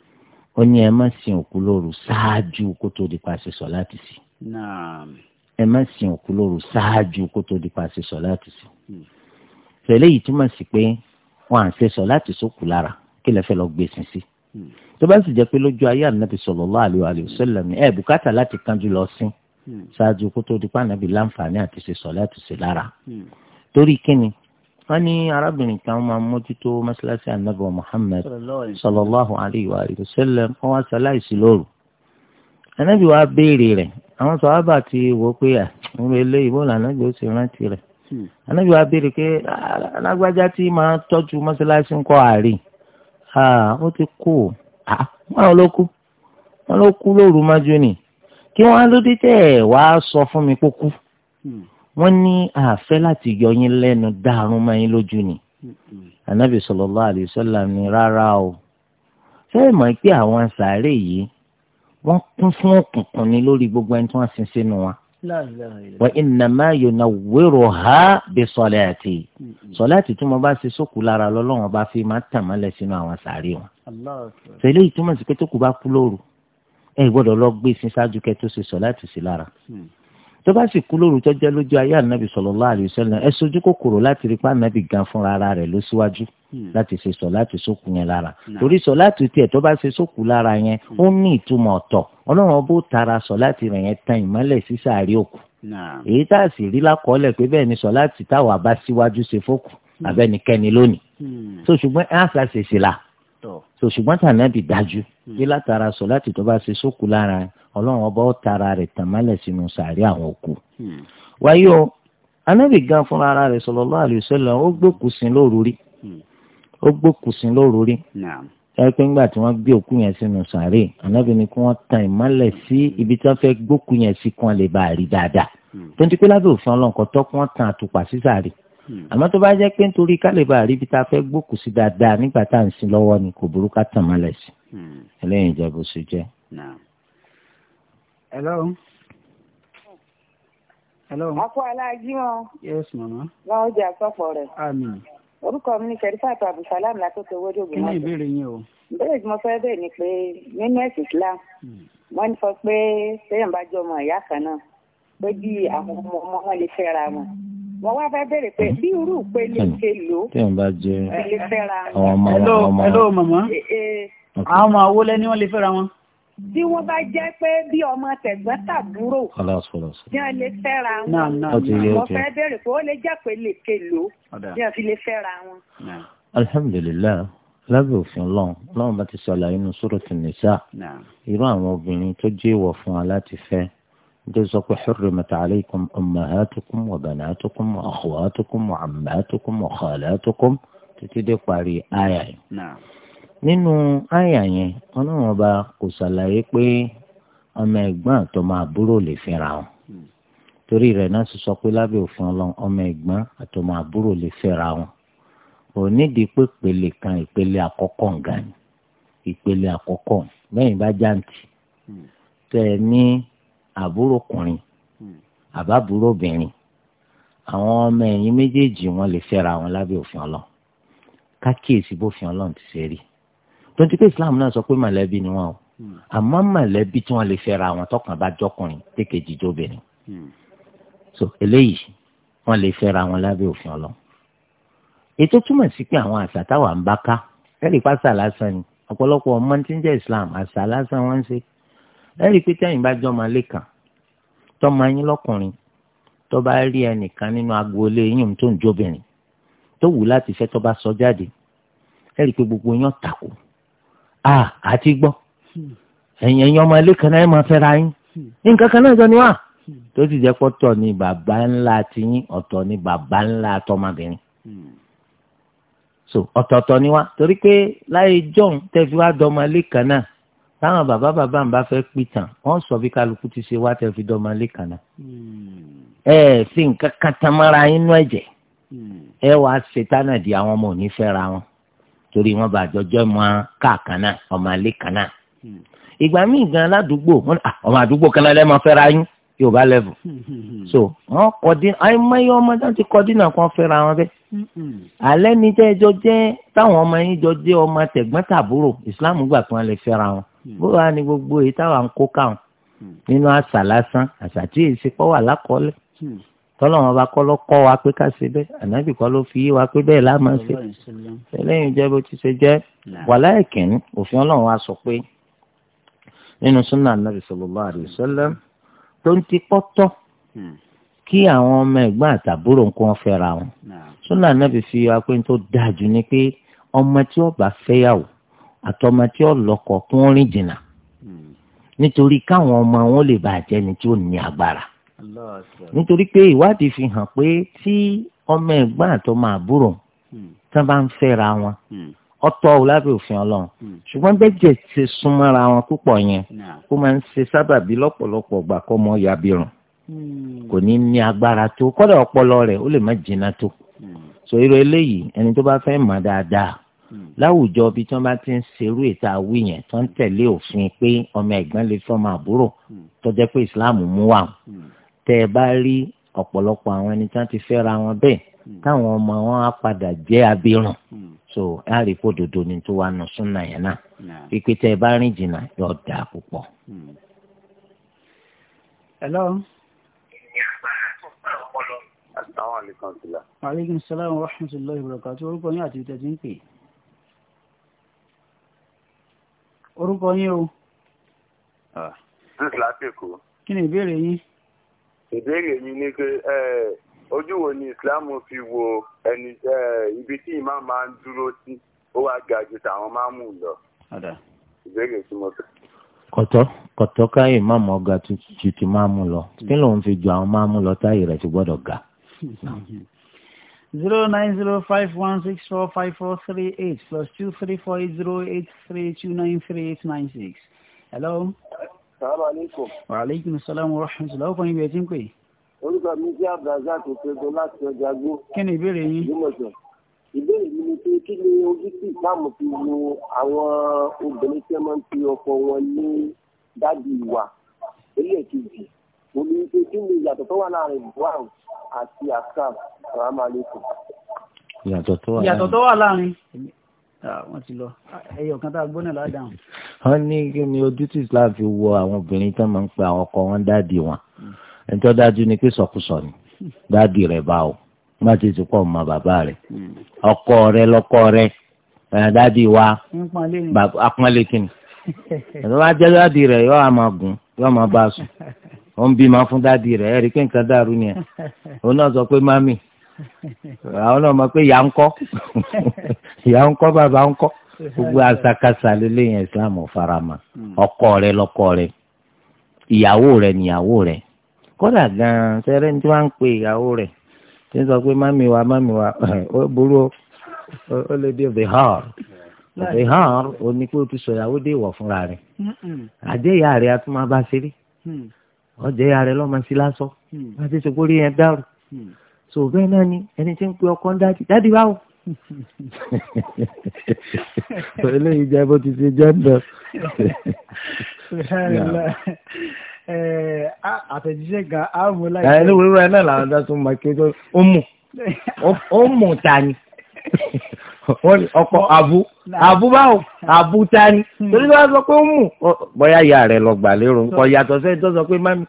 ó ní ẹ má sin òkú lóru ṣáájú kó tó di paṣẹ sọ láti sí. ẹ má sin òkú lóru ṣáájú kó tó di paṣẹ sọ láti sí. tẹ̀lé hmm. yìí túmọ̀ sí pé wọn à ṣe sọ láti sókù lára kí lè fẹ́ lọ gbé sin sí. Hmm. tó bá sì jẹ́ pé lójú ayé ànábì sallallahu alaihi wasallam ni ẹ bùkátà láti kánjú lọ sí ṣáájú kó tó di pa ànábì láǹfààní àti sọ láti sí lára. torí kíni wọ́n ní arábìnrin kan máa mójútó mọ́ṣáláṣí anábọ̀ Muhammad sallallahu alayhi wa sallam wọ́n wá ṣaláìsí lóru anábì wa béèrè rẹ̀ àwọn sọ̀hábà ti wò pé à ń lo eléyìí bó lànà bí ó ṣe rántí rẹ̀ anábì hmm. wa béèrè pé alágbájá ah, tí máa tọ́jú mọ́ṣáláṣí ń kọ́ àárín ah, ó ti kú ah, wọn ló kú wọn ló kú lóru mọ́jú ni kí wọ́n lóde tẹ́ ẹ̀ wá sọ fún mi kó kú. Hmm wọ́n ní àfẹ́ láti yọ yín lẹ́nu dáhùn máa yín lójú ni anabi sallallahu alayhi wa sallam ní rárá o fẹ́ẹ́ mọ̀ pé àwọn sàárè yìí wọ́n kún fún òkùnkùn ni lórí gbogbo ẹni tí wọ́n sin sínú wa wa innama yunawwiruha bi salati salati tí mo bá ṣe sókù lára lọ́lọ́wọ́n bá fi máa tàn mọ́lẹ̀ sínú àwọn sàárè wọn tẹ̀lé ìtumọ̀ sí pé tó kù bá kú lóru ẹ gbọ́dọ̀ lọ gbé e sin ṣáájú kẹ́ tó ṣe salati sí lára. Hmm tó bá sì kú lóru tó jẹ́ lójú ayé ànábì sallallahu alaihi wasallam ẹ sojú kòkòrò láti rí pa ànábì gan fúnra ara rẹ̀ ló síwájú hmm. láti ṣe sọ láti sókù yẹn lára torí sọ láti tiẹ̀ tó bá ṣe sókù lára yẹn hmm. ó ní ìtumọ̀ ọ̀tọ̀ ọlọ́run ọbó tara sọ láti rẹ̀ yẹn tan ìmọ́lẹ̀ sí sàárè òkú èyí tá a sì rí lákọọ́lẹ̀ pé bẹ́ẹ̀ ni sọ láti táwa bá síwájú ṣe fókù hmm. abẹ́nikẹ́ni lónìí tó ṣùgbọ́n ẹ̀ àṣà ṣèṣì la so ṣùgbọ́n tí ànábì dájú bí hmm. látara sọ láti tó bá ṣe sókù lára ọlọ́run ọba ó tara rẹ̀ tàmálẹ̀ sínú sàárè àwọn òkú. Hmm. wáyé o ànábì gan fúnra ara rẹ̀ sallallahu alaihi wasallam ó gbókùsìn lóru rí hmm. ó gbókùsìn lóru rí ẹgbẹ́ nígbà tí wọ́n gbé òkú yẹn sínú sàárè ànábì ni kí wọ́n tan ìmọ́lẹ̀ sí ibi tí wọ́n fẹ́ gbókù yẹn sí kí wọ́n lè bá a rí dáadáa tó ń ti pé lábẹ́ òfin ọlọ́nkọ́ Hmm. àmọ́ tó bá jẹ́ pé nítorí kálíbà àríbi tá a fẹ́ gbókùn sí dáadáa nígbà tá à ń sin lọ́wọ́ ni kò burú ká tàn má lẹ̀sìn hmm. ẹlẹ́yìn ìjọba oṣù jẹ́. hello. hello. ọkọ aláàjí wọn. yes mama. wọn ò jẹ àsọpọ rẹ. àmín. orúkọ mi ni kẹrìfàt abdulsalam látòkè owó dògbò náà. kí ni ìbéèrè yín o. ìbéèrè tí mo fẹ́ bẹ̀ ni pé nínú ẹ̀sìn islam hmm. wọ́n sọ pé sẹ́yìn bá jọ ọmọ ìyá kan náà wọ́n wá fẹ́ bẹ̀rẹ̀ pé bí irú pé ní ṣe lò ó. tí n bá jẹ àwọn ọmọ ọmọ. hello mama eh, eh. àwọn ọmọ àwo lẹ́ni wọ́n lè fẹ́ra wọn. bí wọ́n bá jẹ́ pé bí ọmọ tẹ̀gbọ́n tàbúrò. bí wọ́n lè fẹ́ra wọn. wọ́n fẹ́ bẹ̀rẹ̀ pé ó lè jẹ́ pé lè ké lò ó bí wọ́n fi lè fẹ́ra wọn. alhamdulilayi lábẹ́ òfin ọlọ́run ọlọ́run bá ti ṣàlàyé nínú Suratul Nisa irú àwọn obìnrin tó jẹ́ ìwọ̀ fún wa láti fẹ́ nítorí حرمت عليكم أمهاتكم وبناتكم وأخواتكم وعماتكم وخالاتكم wa akhwatukum wa ammatukum wa khalatukum títí dé parí àyà yẹn. nínú àyà yẹn ọlọ́run ọba kò ṣàlàyé pé ọmọ ẹ̀gbọ́n àtọmọ àbúrò lè fẹ́ra wọn torí rẹ̀ náà sọ pé lábẹ́ òfin ọlọ́run ọmọ ẹ̀gbọ́n àtọmọ àbúrò lè fẹ́ra wọn onídìí pé ìpele kan ìpele àkọ́kọ́ nǹkan ìpele àkọ́kọ́ lẹ́yìn bá jáǹtì tẹ̀ ní àbúrò kùnrin hmm. àbábúrò obìnrin àwọn ọmọ ẹ̀yìn méjèèjì wọn lè fẹ́ra wọn lábẹ́ òfin ọlọ́run kákíyèsí bófin ọlọ́run ti ṣe rí tó ń ti pé islam náà sọ pé mọ̀lẹ́bí ni wọn o hmm. àmọ́ mọ̀lẹ́bí tí wọ́n lè fẹ́ra wọn tọkàn bá jọkùnrin tékejì jóbìnrin hmm. so eléyìí wọ́n lè fẹ́ra wọn lábẹ́ òfin ọlọ́run ètò túmọ̀ sí pé àwọn àṣà táwa ń bá ká ẹ̀rí pásá lásán ni ọ̀pọ̀lọpọ̀ ọmọ tí ń jẹ́ islam àṣà lásán wọ́n ń ṣe ẹ rí i pé tẹ́yìn bá jọ máa lè kàn tọ́mọ yín lọ́kùnrin tó bá rí ẹnìkan nínú agboolé yín tó ń jóbìnrin tó wù láti fẹ́ tó bá sọ jáde ẹ rí i pé gbogbo yín tako a àti gbọ́ ẹ̀yìn ẹ̀yìn ọmọ ilé kan náà ẹ̀ máa fẹ́ra yín nǹkan kan náà jọ ni wà tó sì jẹ́ pọ́tọ̀ ni bàbá ńlá tiyín ọ̀tọ̀ ni bàbá ńlá tọmọbìnrin so ọ̀tọ̀ọ̀tọ̀ ni wá torí pé láyé john tẹ́fi wá dọ́mọ ilé kan náà táwọn bàbá bàbá ń bá fẹ́ pìtàn wọ́n sọ bí kálukú ti ṣe wá tẹ̀ fi dọ́mọ lé kan náà. ẹ hmm. ẹ fi nǹkan kan tan mọ́ra inú ẹ̀jẹ̀ hmm. ẹ wàá ṣe tánà di àwọn ọmọ òní fẹ́ra wọn torí wọn bá àjọjọ́ mọ́ káàkan ọmọ alé kan hmm. ìgbà míì gan aládùúgbò ọmọ àdúgbò kan náà lẹ́mọ fẹ́ra yín yóò bá lẹ́vù. so wọn kọ dín àyè mọ́yé ọmọ náà ti kọ dín náà kan fẹ́ra wọn bẹ́ẹ̀. alẹ́ ni tẹ́ ẹjọ́ jẹ́ táwọn ọmọ yín jọ jẹ́ ọmọ tẹ̀gbọ́n tàbúrò ìsìláàmù gbà tí wọ́n lè fẹ́ra wọn. Hmm. bó wàá ní gbogbo èyí táwa ń kó káwọn hmm. nínú àṣà lásán àṣà tí èyí ṣe kọ́ wà lákọọ́lẹ̀ hmm. tọ́lọ́wọ́n bá kọ́ ló kọ́ wa pé ká ṣe bẹ́ẹ̀ ànábì kọ́ ló fi yé wa pé bẹ́ẹ̀ láà máa ṣe ẹlẹ́yìn jẹ́ bó ti ṣe jẹ́ wàláìkìn òfin ọlọ́run wa sọ pé nínú súnà ànábì sallallahu alaihi wasallam tó ń ti pọ́tọ́ kí àwọn ọmọ ẹ̀gbọ́n àtàbúrò nǹkan fẹ́ra wọn súnà ànábì fi wa pé tó dáa jù ni pé ọmọ tí ó bá fẹ́yàwó àtọmọ tí ó lọ́kọ kún rìn jìnnà hmm. nítorí káwọn ọmọ wọn lè bàa jẹni tí ó ní agbára nítorí pé ìwádìí fi hàn pé tí ọmọ ẹ̀gbọ́n àtọmọ àbúrò hmm. tí wọ́n bá ń fẹ́ra wọn hmm. ọ̀tọ̀ ò lábẹ́ òfin Ọlọ́run ṣùgbọ́n bẹjẹ ṣe súnmọ́ra wọn púpọ̀ yẹn ó máa ń ṣe sábàbí lọ́pọ̀lọpọ̀ ọgbà kọ ọmọ yabirun kò ní ní agbára tó kódà ọpọlọ rẹ̀ ó lè má jìnnà tó so irú eléyìí ẹni tó bá fẹ́ mọ̀ dáadáa láwùjọ bí tí wọ́n bá ti ń ṣerú ètò àwí yẹn tó ń tẹ̀lé òfin pé ọmọ ẹ̀gbọ́n lè fọmọ àbúrò tó jẹ́ pé islam mú wà tẹ́ ẹ bá rí ọ̀pọ̀lọpọ̀ àwọn ẹni tí wọ́n ti fẹ́ ra wọn bẹ́ẹ̀ táwọn ọmọ wọn á padà jẹ́ abirùn so á rí kó dodo ni tó wà nù súnà yẹn náà pípé tẹ́ ẹ bá rìn jìnnà yóò dáa púpọ̀. hello. Aleykum salaam wa rahmatulahi wa barakatuh. Orúkọ yín àti ìtẹ̀jú ń pè é. orúkọ yín o. nígbà àpèkó. kí ni ìbéèrè yín. ìbéèrè mi ni pé ojú wo ni Islam fi wo ẹni ibi tí ìmáà máa ń dúró sí ó wá ga ju tàwọn máàmù lọ. ìbéèrè tí mo fẹ́. kọ̀tọ́ kọ̀tọ́ káyè máàmù ọ̀gá tuntun ti máàmù lọ kí lóun fi ju àwọn máàmù lọ táyì rẹ̀ ti gbọ́dọ̀ ga. zero nine zero five one six four five four three eight plus two three four eight zero eight three two nine three eight nine six. hello. salaamaleykum. waaleykum salaam wa rahmatulah ọkùnrin ibi ẹtí ń pè. orúkọ mi jẹ́ abdulrasaq ṣẹ́gun láti ọjà gbó. kí ni ìbéèrè yín. ìbéèrè mi ni pé kí ni ojú tí ìsáàmù fi wo àwọn obìnrin tí wọ́n máa ń fi ọkọ wọn ní dádì ìwà eléyìí kejì mo ní pé kí ni ìyàtọ̀ tó wà láàrin buhari àti akram ramaлекun. ìyàtọ̀ tó wà láàrin. ìyàtọ̀ tó wà láàrin wọ́n ti lọ ẹyọ kan tá a gbóná ládàáhùn. wọ́n ní kí ni ojú tí islam fi wọ àwọn obìnrin tó máa ń pe àwọn ọkọ wọn dáàdì wọn ẹni tó dájú ni pé sọkúsọ ni dáàdì rẹ̀ bá o má ti ti pọ̀ mọ́ bàbá rẹ̀ ọkọ rẹ̀ lọ́kọ rẹ̀ dáàdì wa apọ́nlé kìnnì ẹ̀rọ ajẹ́ dáàdì rẹ̀ yóò máa gùn yóò máa bá a sùn. ó ń bí ma fún dáàdi re ẹ̀rí pé nǹkan dàrú ni ẹ̀ mami àwọn náà mọ pé ìyá ń kọ́ ìyá ń gbogbo Islam ọ̀farama hmm. ọkọ rẹ lọkọ rẹ ìyàwó rẹ níyàwó rẹ kódà gan-an ní tí ń pe ìyàwó re tí mami wa mami wa ó burú ó lè dé the hall hmm. the hall ó sọ ìyàwó dé ìwọ̀ fúnra rẹ̀ hmm. àdéhìá rẹ̀ a tún máa bá ọjọ́ ìyá rẹ̀ lọ́mọ sí lásọ wọ́n hmm. ti sèkó rí yẹn dárò hmm. so bẹ́ẹ̀ náà ni ẹni tí ń pe ọkọ ń dájú dájú báwo. eléyìí jẹ́ bó ti ṣe jẹ́ ń bẹ̀. àtẹ̀jíṣẹ́ gan áàmù láì. ẹni wúrúwúrú ẹ náà làwọn dá tó máa ké ó mù ó mù ta wọ́n ní ọkọ àbú àbú báwo àbú tani hmm. torí wọ́n sọ pé ó mú bóyá ìyá rẹ̀ lọ gbà lérò kò yàtọ̀ sẹ́yìn tó sọ pé mami.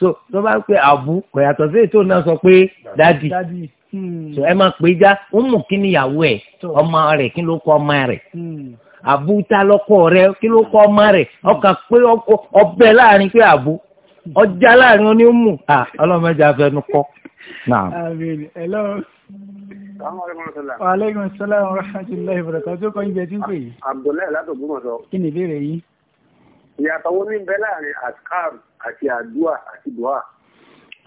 so tó bá pé àbú kò yàtọ̀ sẹ́yìn tó náà sọ pé dadi hmm. so ẹ máa pè é já ó mú kí níyàwó ẹ ọmọ rẹ̀ kí ló kọ ọmọ rẹ̀ àbú hmm. ta lọkọ rẹ̀ kí ló kọ ọmọ rẹ̀ ọkàn pé ọbẹ láàrin pé àbú ọjà láàrin ó ní mú ọlọmọdé afẹnukọ. Nah. I mean, hello. Wàhálẹ́gùn Sálàmù Rahmatullahi Bùrọ̀kà tó kọ́ ibẹ̀ tí ń pè yìí. Abdullahi Látògbómọ̀sọ. Kí ni ìbéèrè yìí? Ìyàtọ̀ wo ní bẹ láàrin Askar àti Adua àti Dua?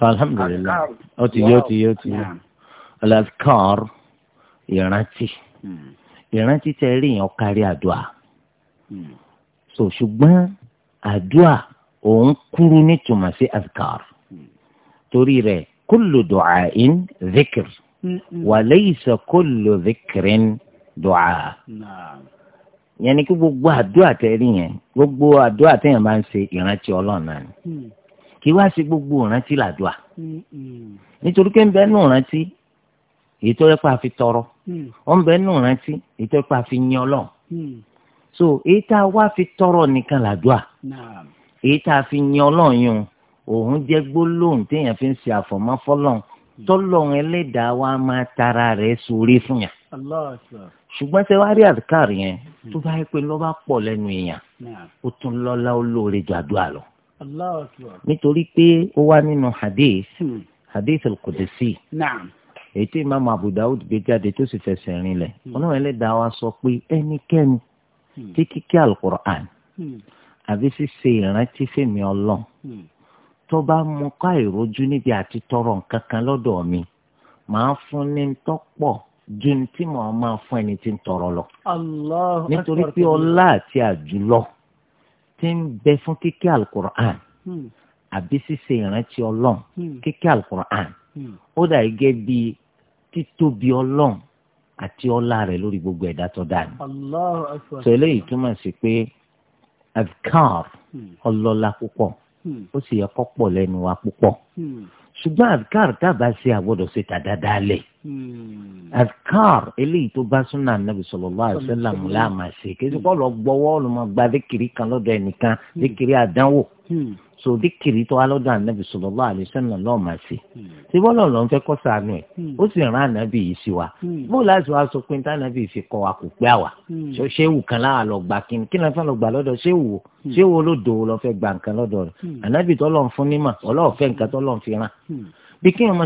Alhamdulilayi, ó ti yé, ó ti yé, ó ti yé. Alaskar ìrántí. Hmm. Ìrántí tẹ rí yàn kárí Adua. Hmm. So ṣùgbọ́n Adua òun kúrú nítumọ̀ sí Askar. Hmm. Torí rẹ̀, kullu du'ain dhikr wa laysa kullu dhikrin du'a yẹn ni kí gbogbo àdúrà tẹ́rí yẹn gbogbo àdúrà tẹ́yàn máa ń ṣe ìrántí ọlọ́run náà ni hmm. kí wá sí gbogbo ìrántí làdúrà nítorí pé ń bẹ nù ìrántí èyí tó fi tọrọ hmm. ó ń bẹ nù ìrántí èyí tó fi yan ọlọ́run hmm. so èyí tá a wá fi tọrọ nìkan làdúrà èyí tá a fi yan ọlọ́run yun òun jẹ́ gbólóhùn téèyàn fi ń ṣe àfọ̀mọ́ tọ́lọ́run ẹlẹ́dàá wa máa tara rẹ̀ sórí fún yàn. ṣùgbọ́n ṣe wá rí àdìkàr yẹn tó bá yẹ pé lọ́ba pọ̀ lẹ́nu èèyàn ó tún lọ́lá ó lóore jàdúrà lọ. nítorí pé ó wá nínú hadith hmm. hadith al-Qudsi èyí tí imaamu Abu Dawud gbé jáde tó sì fẹsẹ̀ rinlẹ̀ hmm. ọlọ́run ẹlẹ́dàá wa sọ pé ẹnikẹ́ni hmm. tí kíkẹ́ àbí ṣíṣe ìrántí fèmí ọlọ́run tó bá mú ká ìrojú níbi àti tọrọ nǹkan kan lọ́dọ̀ mi màá fún ní tọ́pọ̀ ju ní tí màá máa fún ẹni tí ń tọrọ lọ. nítorí pé ọlá àti àjùlọ ti ń bẹ fún kíké alukur'an hmm. àbí ṣíṣe ìrántí ọlọ́run hmm. kíké alukur'an hmm. ó dà gẹ́gẹ́ bí títóbi ọlọ́run àti ọlá rẹ̀ lórí gbogbo ẹ̀dá tó dà ní. sọ sí pé adkar ọlọ́lá púpọ̀. Hmm. Hmm. ó sì yẹ kọ́ pọ̀ lẹ́nu wa púpọ̀ hmm. ṣùgbọ́n adkar dábàá sí àgbọ̀dọ̀ ṣe tà dáadáa lẹ̀ adkar hmm. eléyìí tó bá súnà nàbì sallallahu alaihi wasallam láàmà ṣe kí ẹ ti kọ́ lọ gbọ́wọ́ lọ́mọ gba dékìrí kan lọ́dọ̀ ẹnìkan dékìrí àdánwò so díkìrì tó alọ́dọ̀ ànábì sallallahu alaihi wasallam lọ́ọ́ máa ṣe hmm. ṣé bọ́lá ọ̀lọ́ ń fẹ́ kọ́ sànù ẹ̀ hmm. ó sì rán ànábì yìí sí wa hmm. bó láti wá sọ pé ní tànábì fi kọ́ wa kò pé àwà ṣéwù kan láà lọ gbà kí ni kí ni wọ́n lọ gbà lọ́dọ̀ ṣéwù o ṣéwù olódo lọ fẹ́ gbà nǹkan lọ́dọ̀ rẹ̀ ànábì tọ́lọ́ ń fún nímọ̀ ọlọ́ọ̀fẹ́ nǹkan tọ́lọ́ ń fi rán bí kí wọ́n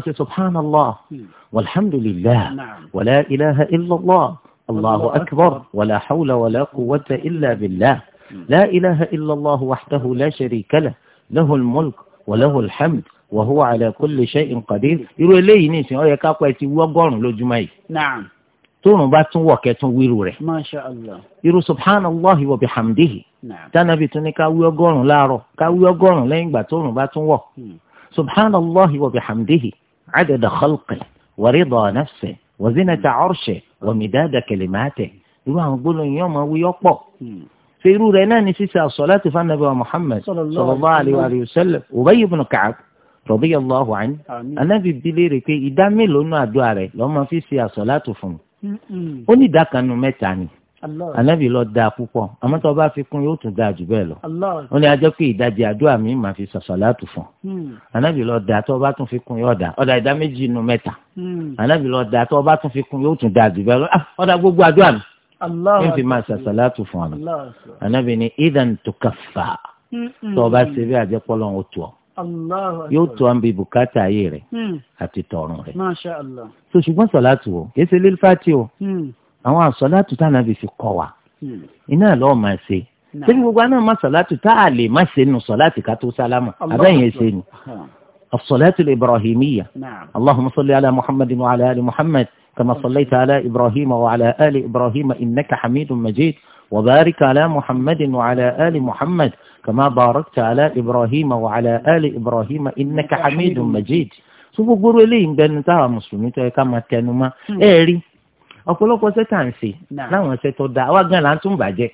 máa lahu al-mulk wa lahu al-hamd wa huwa ala kulli shay'in qadir irú eléyìí nìsín ó yẹ ká pa ẹtì wọ́gọ́rùn lójúmọ́ yìí. naam. tóorùn bá tún wọ̀ kẹ́tún wíru rẹ̀. masha allah. irú subhanallahi wa bihamdihi. naam. tánàbì tún ní ká wí ọgọ́rùn láàárọ̀ ká wí ọgọ́rùn lẹ́yìn ìgbà tóorùn bá tún wọ̀. Hmm. subhanallahi wa bihamdihi adada khalqi wa rida nafsi wa zinata arshi wa midada kalimati irú àwọn gbólóyìn ọmọ wí ọ̀pọ̀ ṣe irú rẹ̀ náà ní ṣíṣe àṣọláàtì fanabi wa Muhammad sallallahu alayhi wa sallam Ubay ibn Ka'b radiyallahu anhu anabi bílẹ̀ rẹ̀ pé ìdá mélòó nù àdúrà rẹ̀ lọ́mọ fi ṣe àṣọláàtì fún un ó ní ìdá kan nù mẹ́ta ni anabi lọ da púpọ̀ àmọ́ tó bá fi kún yóò tún da jù bẹ́ẹ̀ lọ ó ní ajọ́ pé ìdajì àdúrà mi máa fi sọ̀sọ̀láàtù fún anabi lọ da tó bá tún fi kún yóò da ọ̀dà ìdá méjì nínú mẹ́ta anabi lọ da tó bá tún fi kún yóò tún da jù bẹ́ẹ̀ lọ ọ̀dà ah, gbogbo àdúrà mi ní fi máa ṣàṣàlátù fún ọ̀nà ànábì ni idan tukaffa tó o bá ṣe bí àjẹpọ́lọ́ ń tu ọ yóò tó à ń bi bùkátà ayé rẹ mm. àti tọ̀run rẹ so ṣùgbọ́n sọ̀látù o kìí ṣe lílfàtì o mm. àwọn àsọ̀látù tá ànábì fi kọ́ wa mm. iná lọ́ọ́ máa ṣe ṣé bí gbogbo àná máa sọ̀látù tá a lè má ṣe nù sọ̀látù ká tó sálámà àbẹ́yẹn ṣe ni. الصلاة الإبراهيمية نعم. اللهم صل على محمد وعلى آل محمد كما صليت على إبراهيم وعلى آل إبراهيم إنك حميد مجيد وبارك على محمد وعلى آل محمد كما باركت على إبراهيم وعلى آل إبراهيم إنك حميد مجيد sọ́gbọ́ gbóró eléyìí ń bẹnu táwa mùsùlùmí tó yẹ ká máa tẹnu mọ́ hmm. ẹ rí ọ̀pọ̀lọpọ̀ sẹ́tà ń ṣe láwọn ẹsẹ̀ tó da àwa gan-an là ń tún bàjẹ́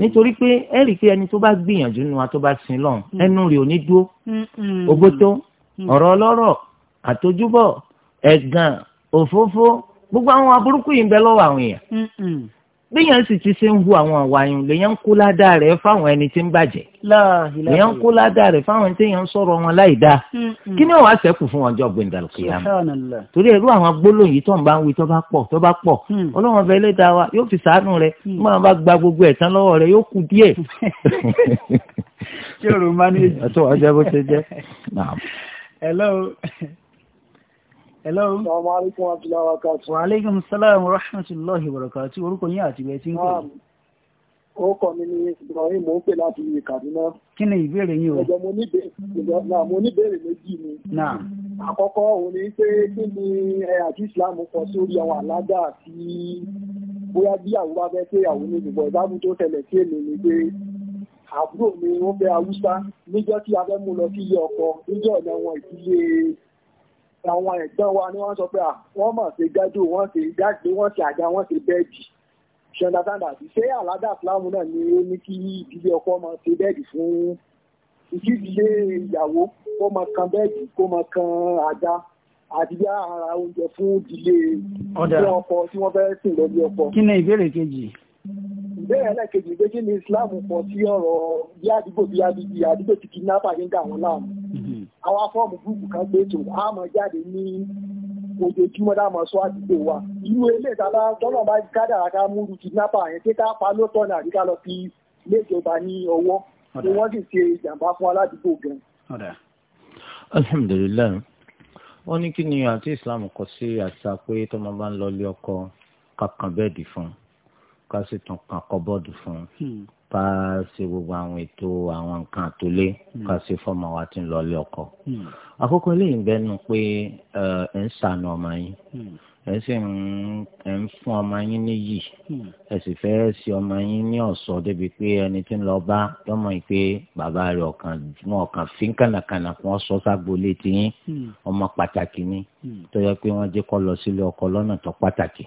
nítorí pé ẹ rí i pé ẹni tó bá gbìyànjú nu wa tó bá sin lọ́hùn hmm. ẹnu rẹ̀ ò ní dúró hmm, ògbótó ọ̀rọ̀ ọlọ́rọ̀ àtojúbọ̀ ẹ̀gàn òfófó gbogbo àwọn aburúkú yìí ń bẹ lọ́wọ́ àwọn èèyàn bíyàn sì ti ṣe ń hu àwọn àwàyàn lèyàn ń kó ládàá rẹ̀ fáwọn ẹni tí ń bàjẹ́ lèyàn ń kó ládàá rẹ̀ fáwọn ẹni tí yàn ń sọ̀rọ̀ wọn láì dáa kí ni wàá ṣẹ́kù fún ọjọ́ gbẹ̀ndàlù kìyàmù torí ẹ̀rú àwọn gbólóhùn yìí tó ń bá ń wí tó bá pọ̀ tó bá pọ̀ mm. ọlọ́run ọbẹ̀ ẹlẹ́dàá wa yóò fi sàánú rẹ̀ mm. máa bá gba gbogbo ẹ̀tán lọ́wọ́ rẹ̀ yóò kú díẹ̀ Hello Hello. Assalamu wa rahmatullahi salam wa rahmatullahi wa barakatuh. Orúkọ yín àti ìwẹ̀ tí ń pè. Ó um, kọ́ mi ní Ibrahim ó ń pè láti Kaduna. Kí ni ìbéèrè yín o? Ẹ̀jẹ̀ mo ní béèrè méjì ni. Náà. Àkọ́kọ́ òun ni pé kí ni eh, àti Islam kọ sórí àwọn àlágà àti bóyá bí àwọn bá fẹ́ pé àwọn onígbùgbọ̀ ìbámu tó tẹ̀lẹ̀ sí èmi ni pé àbúrò mi ó fẹ́ Haúsá níjọ́ tí a fẹ́ mú lọ sí ilé ọkọ níjọ́ ọ̀nà wọn ìdílé àwọn ẹ̀gbọ́n wa ni wọ́n sọ pé wọ́n mọ̀ sí gájú wọ́n sì jáde wọ́n sì àga wọ́n sì bẹ́ẹ̀dì ṣọ̀ndàtàndà àti ṣé àládà fúlámù náà ni ó ní kí ìdílé ọkọ ọmọ ṣe bẹ́ẹ̀dì fún ìdílé ìyàwó kó mọ kan bẹ́ẹ̀dì kó mọ kan àga àti bí ara oúnjẹ fún ìdílé ilé ọkọ tí wọ́n fẹ́ sìn lọ bí ọkọ. kí ni ìbéèrè kejì. ìbéèrè ẹlẹ́kejì pé ni Islam pọ̀ sí ọ̀rọ̀ bí àdúgbò bí àdúgbò tí kidnapper àwọn afọ́ọ̀mù gúúpù kan pé tò á mọ̀ jáde ní ojoojúmọ́ dáàmọ̀ sọ àdúgbò wa inú ilé ìtàbá tọ́nà bá kádàrà ká múrù kidnapper yẹn pé ká pa lóòótọ́ náà àríká lọ fi ilé ìjọba ní ọwọ́ ni wọ́n sì ṣe ìjàmbá fún aládùúgbò gan. alhamdulilayi wọn ní kí ni àti islam kọ sí àṣà pé tọmọ bá ń lọ ilé ọkọ kankan bẹ́ẹ̀dì fún ká sì bọọdù fún hmm ká ṣe gbogbo àwọn ètò àwọn nǹkan àtòlé hmm. ká ṣe fọmọ wa ti ń lọ ilé ọkọ hmm. àkókò eléyìí ń bẹnu pé ẹ ń ṣàánú ọmọ yín hmm ẹ sì ń fún ọmọ yín níyì hmm. ẹ sì fẹ́ sí ọmọ yín ní ọ̀sọ́ débi pé ẹni tí ń lọ bá lọ́mọ yìí pé bàbá rẹ̀ ọ̀kan wọn ọ̀kan fi ń kànàkànà kí wọ́n sọ ságbolé tiyín hmm. ọmọ pàtàkì ni hmm. tó yẹ pé wọ́n jẹ́ kọ́ lọ sílé ọkọ lọ́nà tó pàtàkì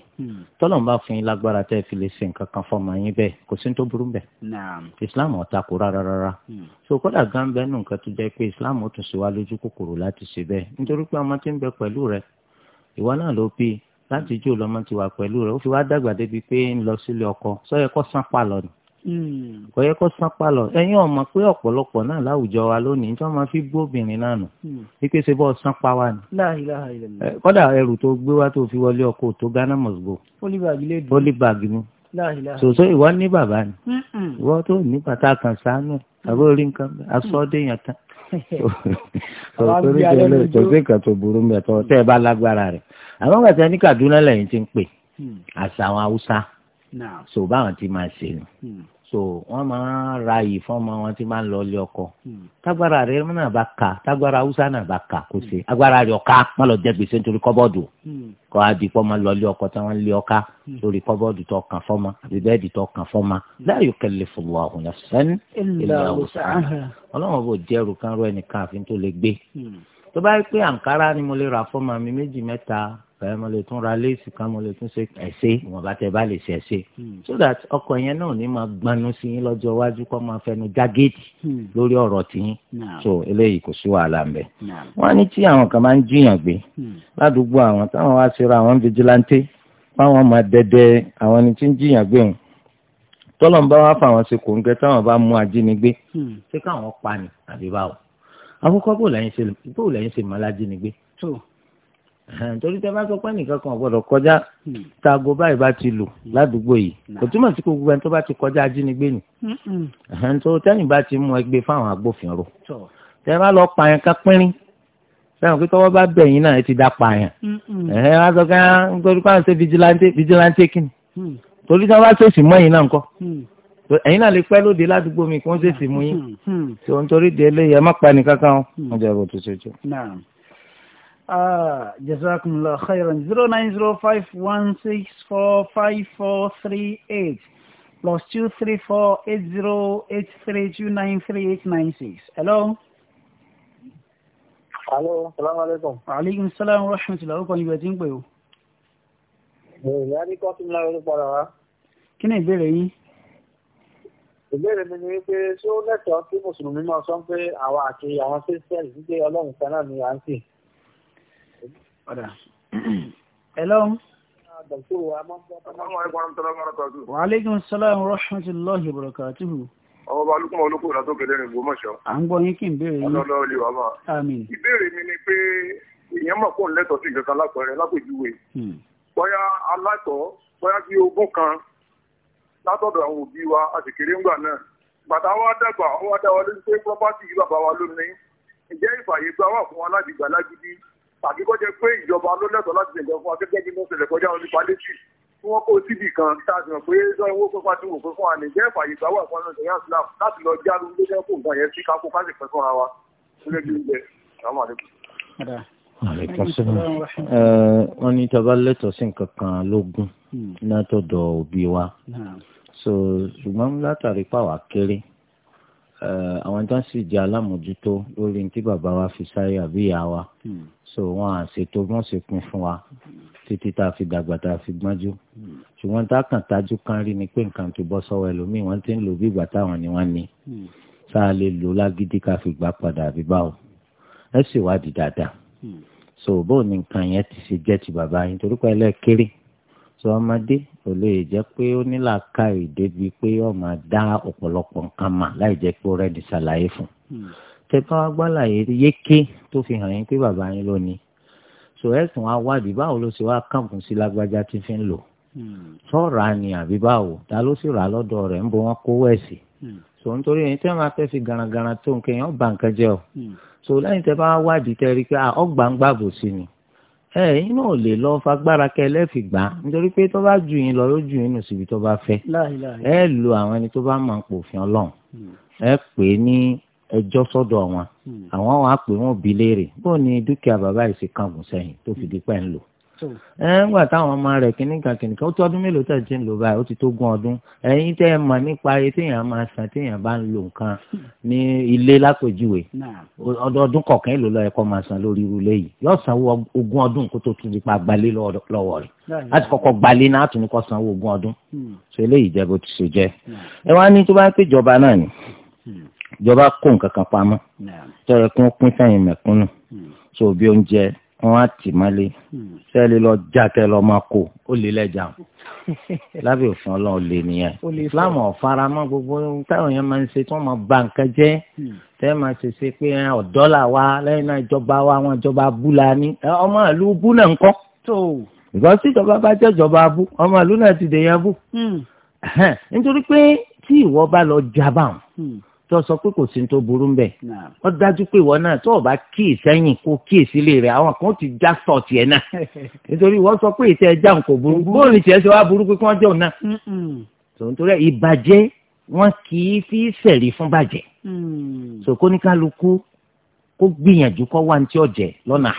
tọ́lọ̀ ń bá fún yín lágbára tẹ́ fi lè ṣe nǹkan kan fọmọ yín bẹ́ẹ̀ kò sí tó burú bẹ́ẹ̀ Islam ò tako rárá rárá so kódà gan bẹ́ẹ̀ nù nǹkan tó jẹ́ pé Islam ó tún ṣe wá lójú kòkòrò láti ṣe bẹ́ẹ̀ nítorí pé ọmọ tí ń bẹ pẹ̀lú rẹ̀ ìwọ náà ló bíi láti jó lọ́mọ ti wà pẹ̀lú rẹ̀ ó fi wá dàgbà débi pé ń lọ sílé ọkọ sọ́yẹ kó sán palọ̀ ni hmm. kò yẹ kó sán palọ̀ ẹ̀yin ọ̀mọ̀ pé ọ̀pọ̀lọpọ̀ náà láwùjọ wa lónìí tí wọ́n máa fi gbóbìnrin náà nù hmm. wípé ṣe bọ́ sán pa wa ni kódà ẹrù tó gbé wá tó fi wọlé ọkọ tó Ghana must go olibag ni sòsò ìwọ ní bàbá ni hmm, ìwọ tó ní bàtà kan sànú àbórí nǹkan asọ́déyàn tán torí délé kò sí nǹkan tó burú mi ẹ̀tọ́ tẹ́ ẹ bá lágbára rẹ̀ àwọn gbàtẹ́ ní Kaduna lẹ́yìn ti ń pè hmm. àṣà àwọn Haúsá so báwọn ti máa ṣe nù so wọ́n máa ra yìí fún ọmọ wọn tí máa ń lọ ilé ọkọ hmm. tágbára rẹ náà bá kà tágbára haúsá náà bá kà kó ṣe agbára rẹ ọ̀ka má lọ jẹ gbèsè nítorí kọ́bọ́ọ̀dù hmm. kọ́ adìpọ̀ máa lọ ilé ọkọ tí wọ́n ń lé ọ̀ka hmm. lórí kọ́bọ́ọ̀dù tó kàn fọ́mà àbí bẹ́ẹ̀dì tó kàn fọ́mà la yukallifullahu nafsan illa wus'aha ọlọ́run bò jẹ́rù kan rọ ẹnìkan àfi tó lè gbé tó bá yẹ pé àǹkárá ni mo lè ra fọ́mà kàyọ́ mo lè tún ra léèsì kan mo lè tún ṣe ẹ̀ṣẹ́ ìwọ̀nba tẹ bá lè ṣe ẹ̀ṣẹ́ hmm. so that ọkọ̀ yẹn náà ní máa gbanú sí yín lọ́jọ́ iwájú kó máa fẹnu já géètì hmm. lórí ọ̀rọ̀ tiyín so eléyìí kò sí wàhálà ń bẹ̀. wọ́n á ní tí àwọn kan máa ń jiyàn gbé hmm. ládùúgbò àwọn táwọn wá síra àwọn fijilanté fáwọn máa dẹdẹ àwọn ẹni tí ń jiyàn gbé wọn tọ́lọ̀ ń bá wá fáwọn ṣe kò ń gẹ táwọn bá mú ajínigbé ṣé káwọn pa ni àbí báwo àkọ́kọ́ bó lẹ́yìn ṣe mọ́ alájínigbé torí tẹ bá sọ pé nìkan kan gbọ́dọ̀ kọjá hmm. taago báyìí bá ti lù hmm. ládùúgbò yìí hmm. kò túmọ̀ sí gbogbo ẹni tó bá ti kọjá ajínigbé ni tó tẹ́yìn bá ti mú ẹgbẹ́ fáwọn agbófinró tẹ bá lọ pààyàn ká pínrín sẹ́wọ̀n pé tọ́wọ́ bá bẹ̀yìn náà ẹ ti dá pààyàn ẹ̀hẹ́n wá sọ pé ah, nítorí pààyàn ṣe vigilante vigilante kìnnì torí tí wọ́n bá ṣèṣì mọ́ ẹ̀yìn náà ńkọ́ ẹ̀yin náà lè pẹ́ lóde ládùúgbò mi kí wọ́n ṣèṣì mú yín tí wọ́n torí di eléyìí ẹ má pa nìkan kan ó jẹ́ ìbò tó ṣe Ah, uh, Jazakumullah khairan. 09051645438 plus 2348083293896. Hello? Hello, salaam alaikum. Alaikum salaam wa rahmatullahi wa barakatuh. i tí ń pè o. Ìyá ní kọ́tùmí lára ló padà wá. Kí ni ìbéèrè yín? Ìbéèrè mi ni wípé ṣé ó lẹ́tọ̀ọ́ kí Mùsùlùmí máa sọ pé àwọn àti àwọn Christian ìdíje Ọlọ́run kan náà ni à ń sìn? ọ̀dà hello. wa aleykum salaam wa rahmatulahi wa barakatuhu. ọba alukun olóko ìlà tó kéde ní Ògbómọ̀ṣọ́. à ń gbọ́ yín kí n béèrè yín. ọlọ́lọ́ olè wà máa. àmín. ìbéèrè mi ni pé èèyàn mọ̀ kó ń lẹ́tọ̀ọ́ sí ìjọba lápẹẹrẹ lápèjúwe. Hmm. bóyá alátọ̀ bóyá bí ogún kan látọ̀dọ̀ àwọn òbí wa àti kéré ńgbà náà bàtà wa dàgbà wọn wá dá wa lórí pé pọ́pátì yìí bàbá wa lónìí ǹjẹ́ ìfàyè gbà wà fún wa láti gbà lágídí tàbí kó jẹ́ pé ìjọba ló lẹ́tọ̀ọ́ láti ṣèjọba fún akẹ́kẹ́ bí wọ́n ṣẹlẹ̀ kọjá orí palẹ́tì tí wọ́n kó síbì kan táàbì hàn pé ẹjọ́ owó pípa tí wò pé fún àná ìjẹ́ ìfàyè ìgbà wà fún ọ̀nà islam láti lọ já lóun ló jẹ́ kó nǹkan yẹn sí kákó ká sì pẹ́ fúnra wa sílẹ̀ bí oúnjẹ àwọn àlékún. wọ́n ní tọ́ba lẹ́tọ̀ọ́ sí nǹkan kan lógún hmm. látọ̀dọ̀ òbí wa so ṣùgbọ́n látàrí pàwà kéré àwọn tó ń sì jẹ́ alámòjútó lórí tí bàbá wa fi sáyé àbí ìyá wa hmm so wọn à ṣètò wọn ṣe pin fún wa títí tá a fi dàgbà tá a fi gbọ́njú ṣùgbọ́n tá a kàn tájú kan rí ni pé nǹkan tó bọ́ sọ́wọ́ ẹlòmíì wọ́n ti ń lò bí ìgbà táwọn ni wọ́n ní tá a lè lò lágídí ká fi gbà padà àbí báwo ẹ sì wádìí dáadáa so bóun ni nǹkan yẹn ti ṣe jẹ́ ti bàbá yín torí pé ẹlẹ́ẹ̀kéré sọ ọmọdé kò lè jẹ́ pé ó ní làákàyè débi pé ó dá ọ̀pọ̀lọpọ̀ nǹkan mà láì jẹ́ pé ó rẹ́ni tẹ̀tàn agbálàyé yéké tó fi hàn yín pé bàbá yín ló so ẹ̀sùn wa wádìí báwo ló ṣe wá kàǹkùn sí lágbájá tí fi ń lò sọ̀rọ̀ hmm. àní àbí báwo ta ló sì rà lọ́dọ̀ rẹ̀ ń bọ wọn kówó ẹ̀ hmm. so nítorí ẹ̀yin tẹ́ máa fẹ́ fi garagara tó nǹkan yẹn ó nǹkan jẹ́ o hmm. so lẹ́yìn tẹ́ bá wádìí tẹ́ rí i pé ọgbà ń gbàbò sí ni ẹ̀yin náà lè lọ fagbára kẹ lẹ́ẹ̀fì gbà nítorí pé tó bá ju yín lọ yóò ju yín nù síbi tó bá fẹ́ ẹ lo àwọn ẹni tó bá mọ̀ ń pòfin ọlọ́run ẹ pè é ní ẹjọ́ sọ́dọ̀ wọn hmm. àwọn wọn á pè wọ́n bi léèrè bó ni dúkìá bàbá yìí ṣe kàn mú sẹ́yìn tó fi hmm. di pẹ́ ń lò ẹ̀ẹ́ngbà táwọn ọmọ rẹ̀ kìnnìkan kìnnìkan ó tó ọdún mélòó tẹ̀ ti ń lò báyìí ó ti tó gún ọdún ẹ̀yin tẹ́ ẹ mọ̀ nípa ayé téèyàn máa san téèyàn bá ń lo nǹkan hmm. ní ilé lápèjúwe ọdọọdún kọ̀ọ̀kan èlò lọ́yẹ kọ́ máa san lórí irú ilé yìí yóò sanwó ogún ọdún kó tó tún di pa gbalé lọ́wọ́ rẹ̀ láti kọ́kọ́ gbalé náà á tún ní kọ́ sanwó ogún ọdún ṣe eléyìí jẹ́ bó ti ṣe jẹ́ ẹ wá ní tó bá pé ìjọba náà ni ìjọba kó nǹkan kan pamọ́ tọ́yẹ kí pín sẹ́yìn mẹ̀kúnnù hmm. so bí oúnjẹ wọn á tì mọ́lé sẹ́ẹ̀lì hmm. lọ jákẹ́ lọ máa kó ó lè lẹ́jà o lábẹ́ òfin ọlọ́run lè nìyẹn islam ọ̀fara mọ́ gbogbo táwọn yẹn máa ń ṣe tí wọ́n máa ba nǹkan jẹ́ hmm. tẹ́ máa ṣe ṣe pé ọ̀dọ́ wa lẹ́yìn náà ìjọba wa wọn ìjọba abú la ní ọmọ ìlú bú náà ń kọ́ ìgbọ́n tí ìjọba bá jẹ́ ìjọba abú ọmọ ìlú náà ti dèyàn bú nítorí pé tí ìwọ bá lọ jábà tó sọ pé kò sí tó burú mbẹ ó dájú pé ìwọ náà tó o bá kíì sẹ́yìn kó kíì sílé rẹ àwọn kan ti já sọ tiẹ̀ náà nítorí ìwọ sọ pé ìtẹ ẹja nǹkan burú bóòlù tiẹ̀ ṣe wá burú pé kí wọn jẹun náà tòǹtòrẹ ìbàjẹ́ wọn kì í fi sẹrí fún bàjẹ́ mm. sòkóníkàlùkù kó gbìyànjú kó wá ní tí ó jẹ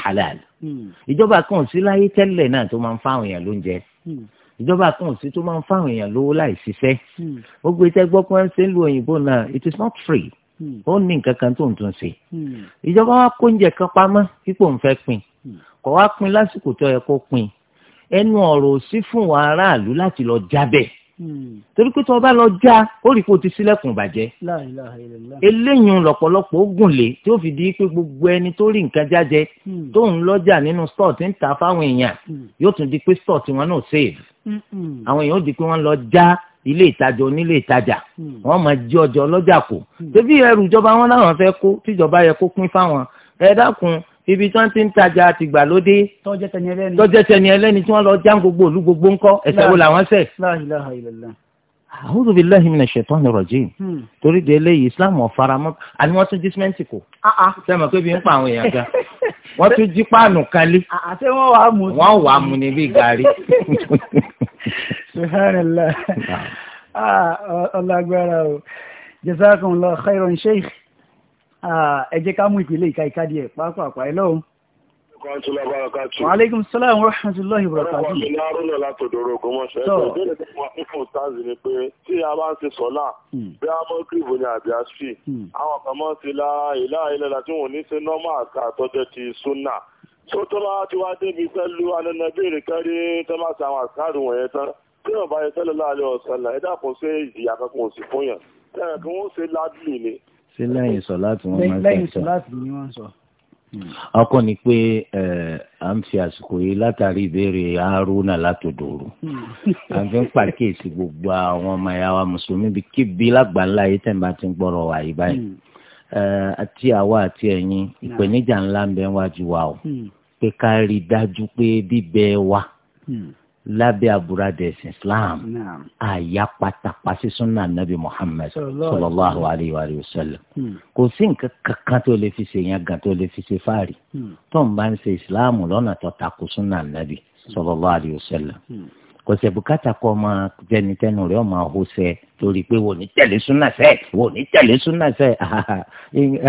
halal mm. ìjọba kan ò sí láyé tẹ́lẹ̀ náà tó máa ń fáwọn èèyàn lóúnjẹ mm ìjọba kan sí tó máa ń fáwọn èèyàn lówó láì ó gbé tẹ́ pé ń ṣe ń lu òyìnbó náà it is not free hmm. ó ní nǹkan kan tó ń tún ṣe hmm. ìjọba wa kó oúnjẹ kan pamọ́ pípò ń fẹ́ pin hmm. kò wá pin lásìkò tó yẹ kó pin ẹnu ọ̀rọ̀ sí fún wa aráàlú láti lọ jábẹ̀ torí pé tí wọ́n bá lọ já ó rí i pé o ti sílẹ̀kùn bàjẹ́ eléyìí lọ́pọ̀lọpọ̀ ó gùnlé tí ó fi di pé gbogbo ẹni tó rí nǹkan jájẹ tó lọ́jà nínú stọọ tí ń ta fáwọn èèyàn yóò tún di pé stọọ tí náà save àwọn èèyàn di pé wọ́n lọ já ilé ìtajà onílé ìtajà mm. wọ́n máa jí ọjà ọlọ́jà kù tẹ́bí mm. ẹrù ìjọba wọn láwọn fẹ́ kó tíjọba yẹ kó pín fáwọn ẹ dákun ibi tí wọ́n ti ń tajà àtìgbàlódé tọ́jẹ́ tẹni ẹlẹ́ni tí wọ́n lọ já gbogbo òlu gbogbo ńkọ́ ẹ̀ṣẹ̀ wo làwọn ṣẹ̀. A'udhu billahi minash shaitani rajim. Hmm. torí de eléyìí islam ọ̀fara mọ́ àní wọ́n tún dísímẹ́ǹtì kù. sẹ́mi ah, ah. pé bí ń pa àwọn èèyàn ga wọ́n tún jí páànù kan lé. Ah, wọ́n wà á mú ní gàrí. subhanallah ọlágbára ah, o jazakumullahu khairan sheikh ah, ẹ jẹ́ ká mú ìpìlẹ̀ ìka ìka díẹ̀ pàápàá ẹ lọ́wọ́. Wa alaikum salaam wa rahmatullahi wa barakatuh. Ọlọ́run ni Arúnà látòdòrò Ògbómọ̀ṣọ́. Ẹ̀sọ́ ìbéèrè tí wọ́n ń fún Tazì ni pé tí a bá ń ṣe sọ́lá, hmm. bí a mọ́ kìrìbù ni àbí àṣì, hmm. àwọn kan mọ́ sí la ìlà ìlẹ́la tí wọ́n ní ṣe nọ́mà àti àtọ́jọ́ ti súnà. Tó tó ti wá débi pẹ́lú anẹ́nẹ́bìnrin kẹ́rí tó má àwọn àṣàrù wọ̀nyẹn tán tí wọn bá yẹ sẹlẹ láàlẹ ọsàlà ẹ dàpọ̀ sí ìyá kankan òsì fún yàn ẹ kí wọn ṣe ládùú ni. ṣé lẹ́yìn sọ láti wọn máa ń sọ lẹ́yìn sọ láti ni wọ́n sọ. ọkọ ni pé à ń fi àsìkò yìí látàrí ìbéèrè Haruna látòdòrò hmm. à ń fi ń pàkíyèsí gbogbo àwọn ọmọ ẹ̀yà wa mùsùlùmí bíi kíbi lágbàńlá yìí tẹ̀ ń bá ti ń gbọ́rọ̀ wà yìí báyìí hmm. àti àwa àti ẹ̀yin hmm. ìpèníjà lábẹ́ àbúradà ẹ̀sìn islam àyà pátápá sí sunna nabi muhammed sallallahu alayhi wa sallam hmm. kò sí nǹkan kankan tó lè fi ṣe yẹn gan tó lè fi ṣe fáàrí hmm. tó ń bá ń ṣe islam lọ́nà tó takò sunna nabi hmm. sallallahu alayhi wa sallam kò sẹ bùkátà kọ ọmọ jẹnitẹnu rẹ ọmọ ahosẹ torí pé wò ní tẹ̀lé súnà sẹ wò ní tẹ̀lé súnà sẹ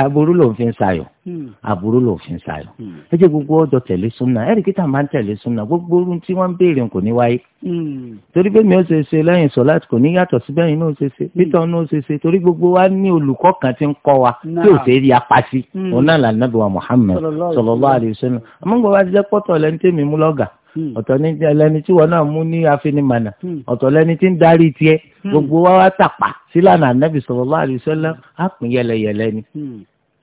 aburú ló ń fi ṣayọ hmm. aburú ló ń fi ṣayọ hmm. ẹ jẹ gbogbo ọjọ́ tẹ̀lé súnà ẹ rí kíta máa ń tẹ̀lé súnà gbogbo orun tí wọn ń béèrè kò ní wáyé hmm. torí bẹ́ẹ̀ mi ò ṣe ṣe lẹ́yìn sọ láti kò ní yàtọ̀ sí bẹ́ẹ̀ inú ò ṣe ṣe peter inú ò ṣe ṣe torí gbogbo wa ní olùkọ́ kan tí ń kọ́ wa tí ò ṣe rí apá sí òun náà là nàbẹ̀wà Muhammad sallallahu alaihi wasallam àmọ́ ń gbọ́ wá ti jẹ́ pọ́tọ̀ Hmm. ọ̀tọ̀ ní ẹlẹ́ni tí wọn náà mú ní afinimànà hmm. ọ̀tọ̀ lẹ́ni tí ń darí tiẹ̀ hmm. gbogbo wa wá tàpá sílànà ànábì sallallahu alaihi wasallam á pín yẹlẹyẹlẹ ni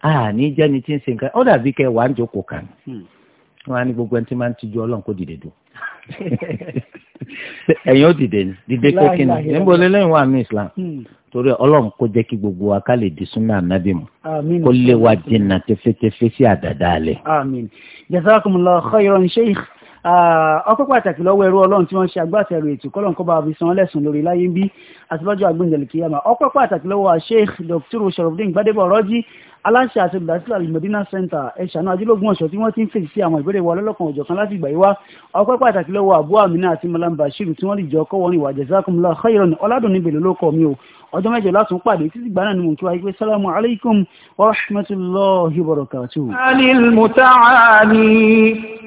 àní jẹ́ni tí ń ṣe nǹkan ó dàbí kẹ́ wàá jókòó kan wọn á ní gbogbo ẹni tí máa ń tijú ọlọ́run kó dìde dùn ẹ̀yin ó dìde ni dìde pé kí ni níbo lélẹ́yìn wà ní islam torí ọlọ́run kó jẹ́ kí gbogbo wa ká lè di súnmọ́ ànábì mu kó lè wa jìnnà tẹfẹtẹfẹ sí àdàdà alẹ́. àmín jazakumullahu khairan sheikh Ah, ọpẹ́ pàtàkì lọ́wọ́ ẹrú ọlọ́run tí wọ́n ṣe agbátẹrù ètò kọ́lọ́n kọ́ bá lẹ́sùn lórí láyé ń bí àti lọ́jọ́ àgbéǹdẹ̀lì kìyàmà ọpẹ́ pàtàkì lọ́wọ́ sheikh dr sharafdin gbadebo ọ̀rọ́jì aláṣẹ àti olùdásílẹ̀ alimọ̀dínà center ẹ̀ṣánú ajílógún ọ̀ṣọ́ tí wọ́n ti ń fèsì sí àwọn ìbéèrè wa ọlọ́lọ́kan òjọ̀kan láti ìgbà yìí wá látún pàdé títí gbaná ni mò ń kí wáyé pé sálámù alaykum wa rahmatulahi wa barakatuhu.